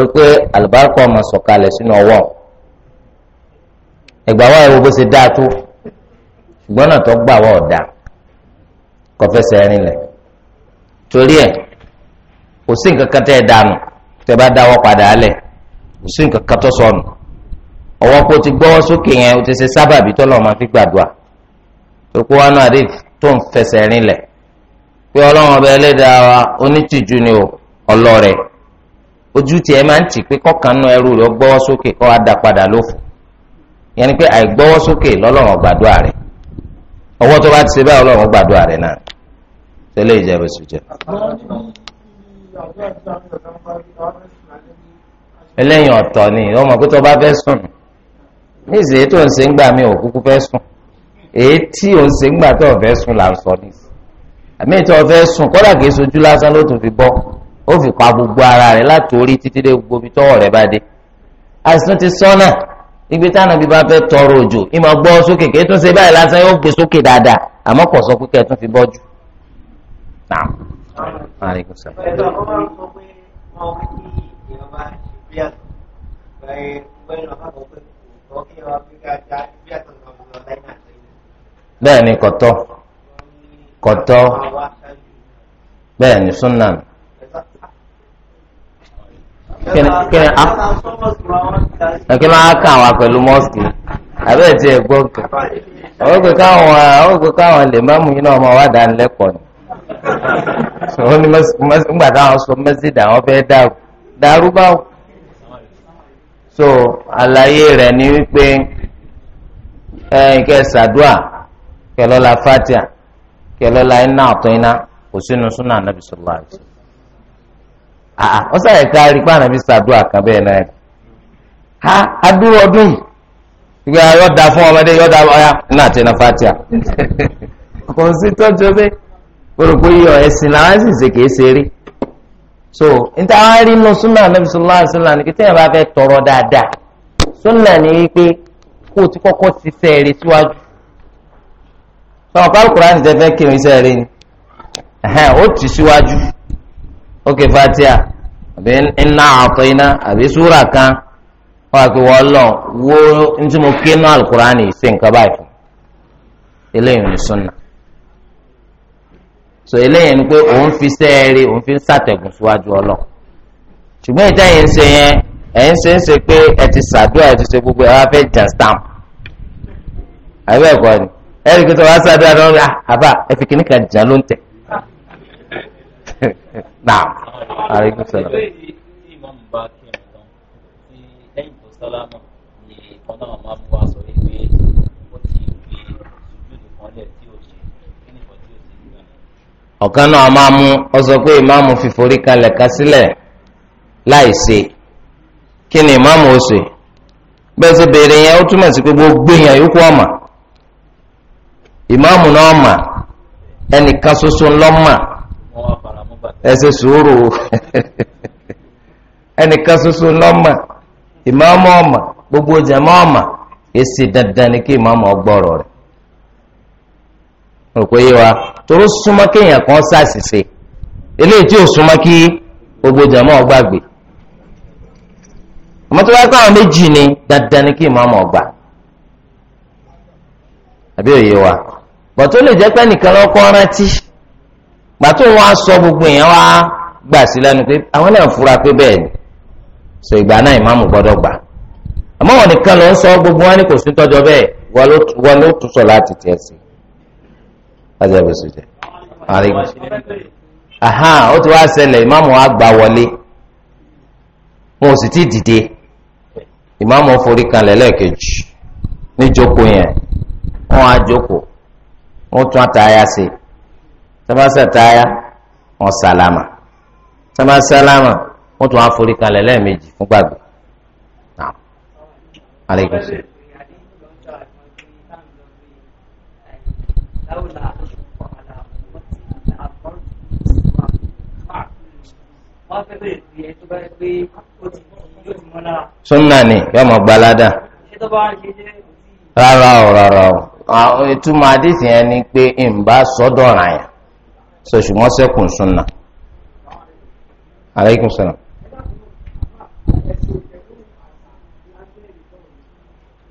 rí pé àlùbáríkà ọmọ sọ̀kalẹ̀ sínú ọwọ́ ẹgbà wa ẹwọ bó ṣe dáa tó ṣùgbọ́n náà tó gbà wá ọ̀dà kò fẹsẹ̀ lẹ̀ torí ẹ̀ kò sí nǹkan kan tẹ́ ẹ dànù tẹ́ bá dáwọ́ padà lẹ̀ kò sí nǹkan kan sọnù ọwọ́ kó ti gbọ́wọ́ sókè yẹn o ti ṣe sábàbí tọ́lọ́ máa fi gbàdúrà náà tó ń fẹsẹ̀ ni o ojú tiẹ̀ máa ń tì pé kọ́kànnú ẹrú rẹ̀ sókè yẹn ni pé àìgbọ́wọ́ sókè lọ́lọ́run gbàdúrà rẹ̀ ọwọ́ tó bá ti ṣe báyìí ọlọ́run gbàdúrà rẹ̀ náà tẹ́lẹ̀ ìjẹ́bù sí jẹ́. ọ̀tọ̀ ni ọmọ pé tó bá fẹ́ sùn ní ìsèyí tó ń ṣe ń gbà mí ò kúkú fẹ́ sùn èyí tí ò ń ṣe ń gbà tó fẹ́ sùn là ń sọ ní ìsìn àmì ìtọ́ fẹ́ sùn kọ́dà kìí sojú lásán ló tún fi bọ́ ó fi pa gbogbo ara rẹ̀ láti títí dé gbogbo ibi tọ́wọ́ rẹ̀ bá dé àìsàn ti sọ́nà igbe tí ànábì bá fẹ́ tọrọ òjò ìmọ̀ gbọ́ sókè kí tún ṣe báyìí lásán yóò gbé sókè dáadáa àmọ́ kò sọ pé kẹ́ẹ̀tún fi bọ́jú. bẹ́ẹ̀ ni kọ̀tọ́ kọ̀tọ́ bẹ́ẹ̀ ni súnà. kíni a ah. kí ló á wá pẹ̀lú mọ́ọ̀sì abẹ́ẹ̀ tí ẹ gbọ́ kẹ́ àwọn òkè káwọn àwọn káwọn lè má mú iná ọmọ ni nígbà táwọn sọ mẹ́sídà fẹ́ dàrú so àlàyé rẹ̀ ni wípé kẹ́ sàdúà kẹ́ fatia kẹ́ iná ọ̀tún iná kò sínú súnà ọ sáré ká rí pé ànábi sàdúrà kan bẹ́ẹ̀ náà rí ha adúrú ọdún yìí ìgbà yọ̀dà fún ọmọdé yọ̀dà ọ̀yà fatia kò sí tọ́jú bẹ́ẹ̀ ihe yíyọ ẹ̀sìn làwọn ẹ̀sìn ṣe kìí ṣeré so níta wọn rí inú súnà sọlá àṣìlá bá fẹ́ tọrọ dáadáa súnà wípé kó o ti kọ́kọ́ ti síwájú sọ̀rọ̀ pálukùrá kírun iṣẹ́ ni ó ti síwájú. ó ké fatia àbí iná àtọ iná àbí súra kan wọn àti wọn lọ wo ntí mo ké náà alukurani ṣe nǹkan báyìí eléyìí ní sunna so eléyìí ni pé òun fi sẹ́ẹ̀rí òun fi ń sàtẹ̀gùn síwájú ọlọ ṣùgbọ́n ìtẹ́yìn ń ṣe yẹn ẹ̀ ń ṣe ń ṣe pé ẹ ti ṣàdúrà ẹ ti ṣe gbogbo ẹ wá fẹ́ stamp àbẹ́ ẹ̀kọ́ ni ẹ̀rí kí tó wá ṣàdúrà lọ́wọ́ ah, àbá fi kíní kan jẹun ló ń tẹ̀ naam aleykum salaam. ìbéèrè tí ọ̀kan náà máa mú ọ sọ pé ìmáàmù kalẹ̀ ká sílẹ̀ kí ni ìmáàmù ó ṣe bẹ́ẹ̀ yẹn ó túmọ̀ sí gbogbo yòókù ọ̀mà ìmáàmù náà mà ẹnìkan ṣoṣo ńlọ́mà ẹ ṣe sùúrù ẹnìkan ṣoṣo lọ́mọ ìmáàmù ọmọ gbogbo jẹ̀mọ́ ọmọ èsì dandan ni kí ìmáàmù ọgbọ́rọ̀ rẹ̀ rò pé yé wa toró súnmọ́ kéèyàn kan ṣàṣìṣe eléyìí tí ò súnmọ́ kí gbogbo jẹ̀mọ́ ọgbàgbé ọmọ tó bá kọ́ àwọn méjì ni dandan ni kí ìmáàmù ọgbà àbí òye wa lè jẹ́ nìkan lọ́kọ́ rántí. gbàtó wọn sọ gbogbo èèyàn wá gbà sí lẹ́nu pé àwọn náà fura pé bẹ́ẹ̀ ni sọ ìgbà náà ìmáàmù gbọ́dọ̀ gbà àmọ́ wọn nìkan ló ń sọ gbogbo wọn ni kò sí tọ́jọ́ bẹ́ẹ̀ wọn ló tún sọ láti tiẹ̀ sí ọjọ́ bó ṣe jẹ́ aha ó ti wá ṣẹlẹ̀ ìmáàmù wa gbà wọlé wọn ò sì ti dìde ìmáàmù forí kanlẹ̀ lẹ́ẹ̀kejì níjókòó yẹn wọn á jókòó wọn tún àtàyà sí i tẹmásẹ táyà wọn sàlámà tẹmásẹ lámà wọn tún àforí kalẹ̀ lẹ́ẹ̀mejì fún gbàgbé náà aleykum sẹ. sunna ni yóò mọ gbalada rárá o rárá o ìtumọ̀ àdìsí yẹn ni pé ìmbá sọ́dọ̀ ọ̀ràn so ṣùgbọ́n sẹ́kùn súnà aleykum salaam.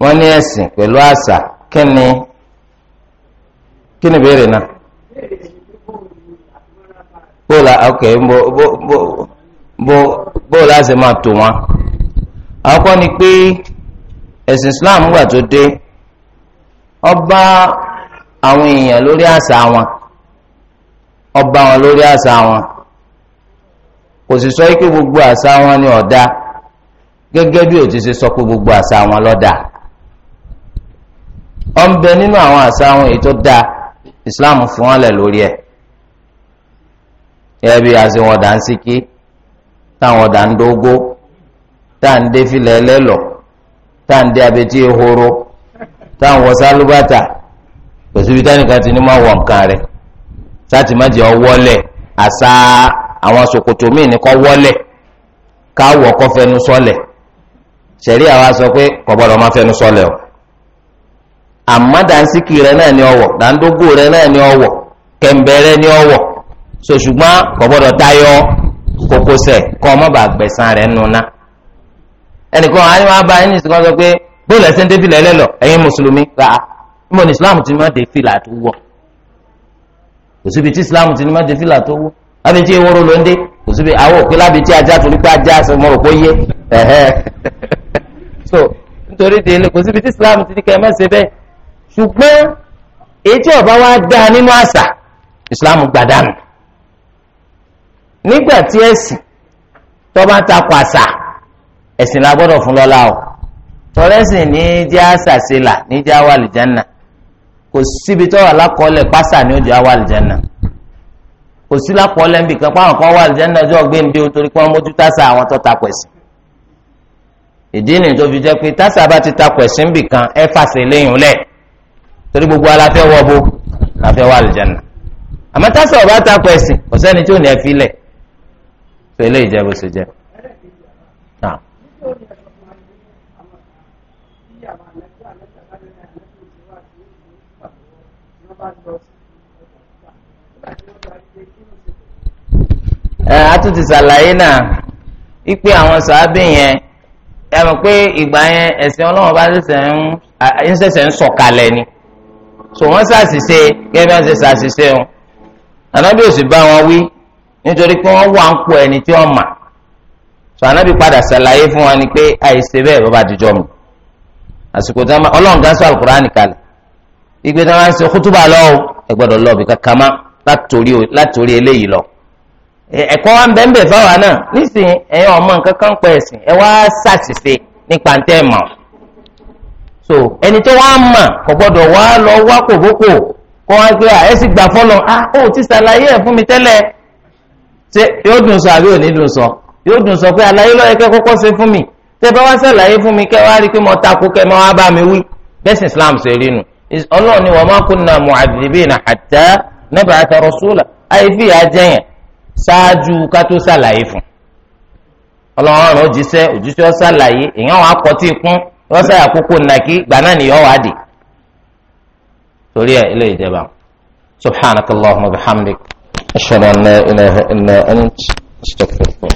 wọ́n ní ẹ̀sìn pẹ̀lú àṣà kí ni kí náà bóòlà ok oke bó máa wọn. àkọ́kọ́ ni pé ẹ̀sìn Islam gbà tó dé ọba àwọn èèyàn lórí àṣà wọn ọba wọn lórí àṣà wọn kò sì sọ pé gbogbo àṣà wọn ni ọ̀dà gẹ́gẹ́ bí ó ti ṣe sọ pé gbogbo àṣà wọn lọ́dà ó ń bẹ nínú àwọn àṣà wọn èyí tó dáa Islam fún wọn lẹ̀ lórí ẹ̀ ẹ bí àṣẹ wọn dà ń síkí táwọn ọ̀dà ń dógó tá ń dé filẹ̀ ẹlẹ́lọ̀ tá ń dé abẹ́tí ehoro tá ń wọ sálúbàtà kò síbi ti ní máa wọ̀ nǹkan rẹ̀ sáàtì má jẹ́ ọwọ́lẹ̀ àṣà àwọn ṣòkòtò míì ní kọ́ wọ́lẹ̀ káwọ̀ kọ́ fẹnu sọ́lẹ̀ ṣẹ̀rí àwa sọ pé kò gbọ́dọ̀ má fẹnu sọ́lẹ̀ o àmọ́ dànsíkì rẹ náà ni ọwọ̀ dàndógó rẹ náà ni ọwọ̀ kẹ̀m̀bẹ̀rẹ̀ ni ọwọ̀ so ṣùgbọ́n kò gbọ́dọ̀ tayọ kókósẹ̀ kọ́ ọmọ bá gbẹ̀sán rẹ̀ nuna ẹnìkan á ní wàá bá ẹni sọ pé bóòlù ẹsẹ̀ ń dé fìlà ẹlẹ́lọ ẹ̀yin mùsùlùmí ká ìmọ̀ ní Islam ti má dé fìlà àti wọ̀ kò síbi tí islam ti ní má dé fìlà tó wú lábẹ́ tí ewúro ló ń dé kò àwọn òpin lábẹ́ tí ajá torí pé ajá sọ mọ̀rọ̀ kó yé so nítorí délé kò síbi tí islam ti ní kẹ́ ẹ má ṣe bẹ́ẹ̀ ṣùgbọ́n èyí tí ọba wa dá nínú àṣà islam gbàdánù nígbà tí ẹ̀sìn tọ́ba takò àṣà ẹ̀sìn la gbọ́dọ̀ fún lọ́la o tọ́lẹ́sìn ní jẹ́ àṣà ṣe là ní jẹ́ àwa àlìjánà kò síbi tó wà lákọọ́lẹ̀ pásà ni ó jẹ́ àwọn àlìjẹ́nà kò sí lákọọ́lẹ̀ níbi kan páwọn kan wà àlìjẹ́nà ọjọ́ gbéǹde o torí pé wọ́n mójú tásà àwọn tó takò ẹ̀sìn ìdí nìyí tó fi jẹ́ pé tásà bá ti takò ẹ̀sìn níbì kan ẹ fàṣẹ léyìn lẹ̀ torí gbogbo aláfẹ́ wọ bó láfẹ́ wà àlìjẹ́nà àmọ́ tásà ọba takò ẹ̀sìn kò sẹ́ni tí ò ní ẹ fi lẹ̀ tó eléyìí jẹ́ bó ṣe jẹ́. ẹ àtúntì sàlàyé náà ipe àwọn sàábì yẹn ẹ mọ̀ pé ìgbà yẹn ẹ̀sìn ọlọ́run bá ṣẹ̀ṣẹ̀ ń sọ̀kalẹ̀ ni so wọ́n ṣàṣìṣe gẹ́gẹ́ bí wọ́n ṣe ṣàṣìṣe o ànábì ò sì bá wọn wí nítorí pé wọ́n wà ń pọ̀ ẹni tí wọ́n mà so ànábì padà ṣàlàyé fún wọn ni pé àìṣe bẹ́ẹ̀ bó bá dijọ́ mi àsìkò tí wọ́n ọlọ́run gan sọ àlùkùránì kalẹ̀ ìgbésẹ̀ wọn ṣe kútúbà lọ́wọ́ ẹ gbọ́dọ̀ lọ́ọ̀bì kankan má látòrí eléyìí lọ́ọ́ ẹ̀kọ́ wa ń bẹ ń fáwa náà nísìnyí ẹ̀yin ọmọ nǹkan kan pẹ̀ ẹ̀sìn ẹ wá ṣàṣìṣe nípa so ẹni tó wá mọ̀ kò gbọ́dọ̀ wá lọ wá kòkókò kó wá gbé à ẹ sì gbà à ó ah, ti ṣàlàyé ẹ̀ fún mi tẹ́lẹ̀ ṣe yóò dùn sọ àbí dùn sọ yóò dùn sọ pé àlàyé lọ́yẹ kẹ́ kọ́kọ́ ṣe fún mi tẹ́ bá mi kẹ́ wá rí i pé mo kẹ́ mo wá bá mi wí Islam ṣe rí nu ṣáájú ká tó ṣàlàyé fún ọlọ́run ọ̀rọ̀ jíṣẹ́ òjíṣẹ́ ṣàlàyé èèyàn wọn akọtí ikún wọn ṣàyà kókó nàkí gbà náà nìyọ wà dé torí ẹ ilé ìjẹba subhanakallahumma wa bihamdik ashhadu an la ilaha illa ant astaghfiruka.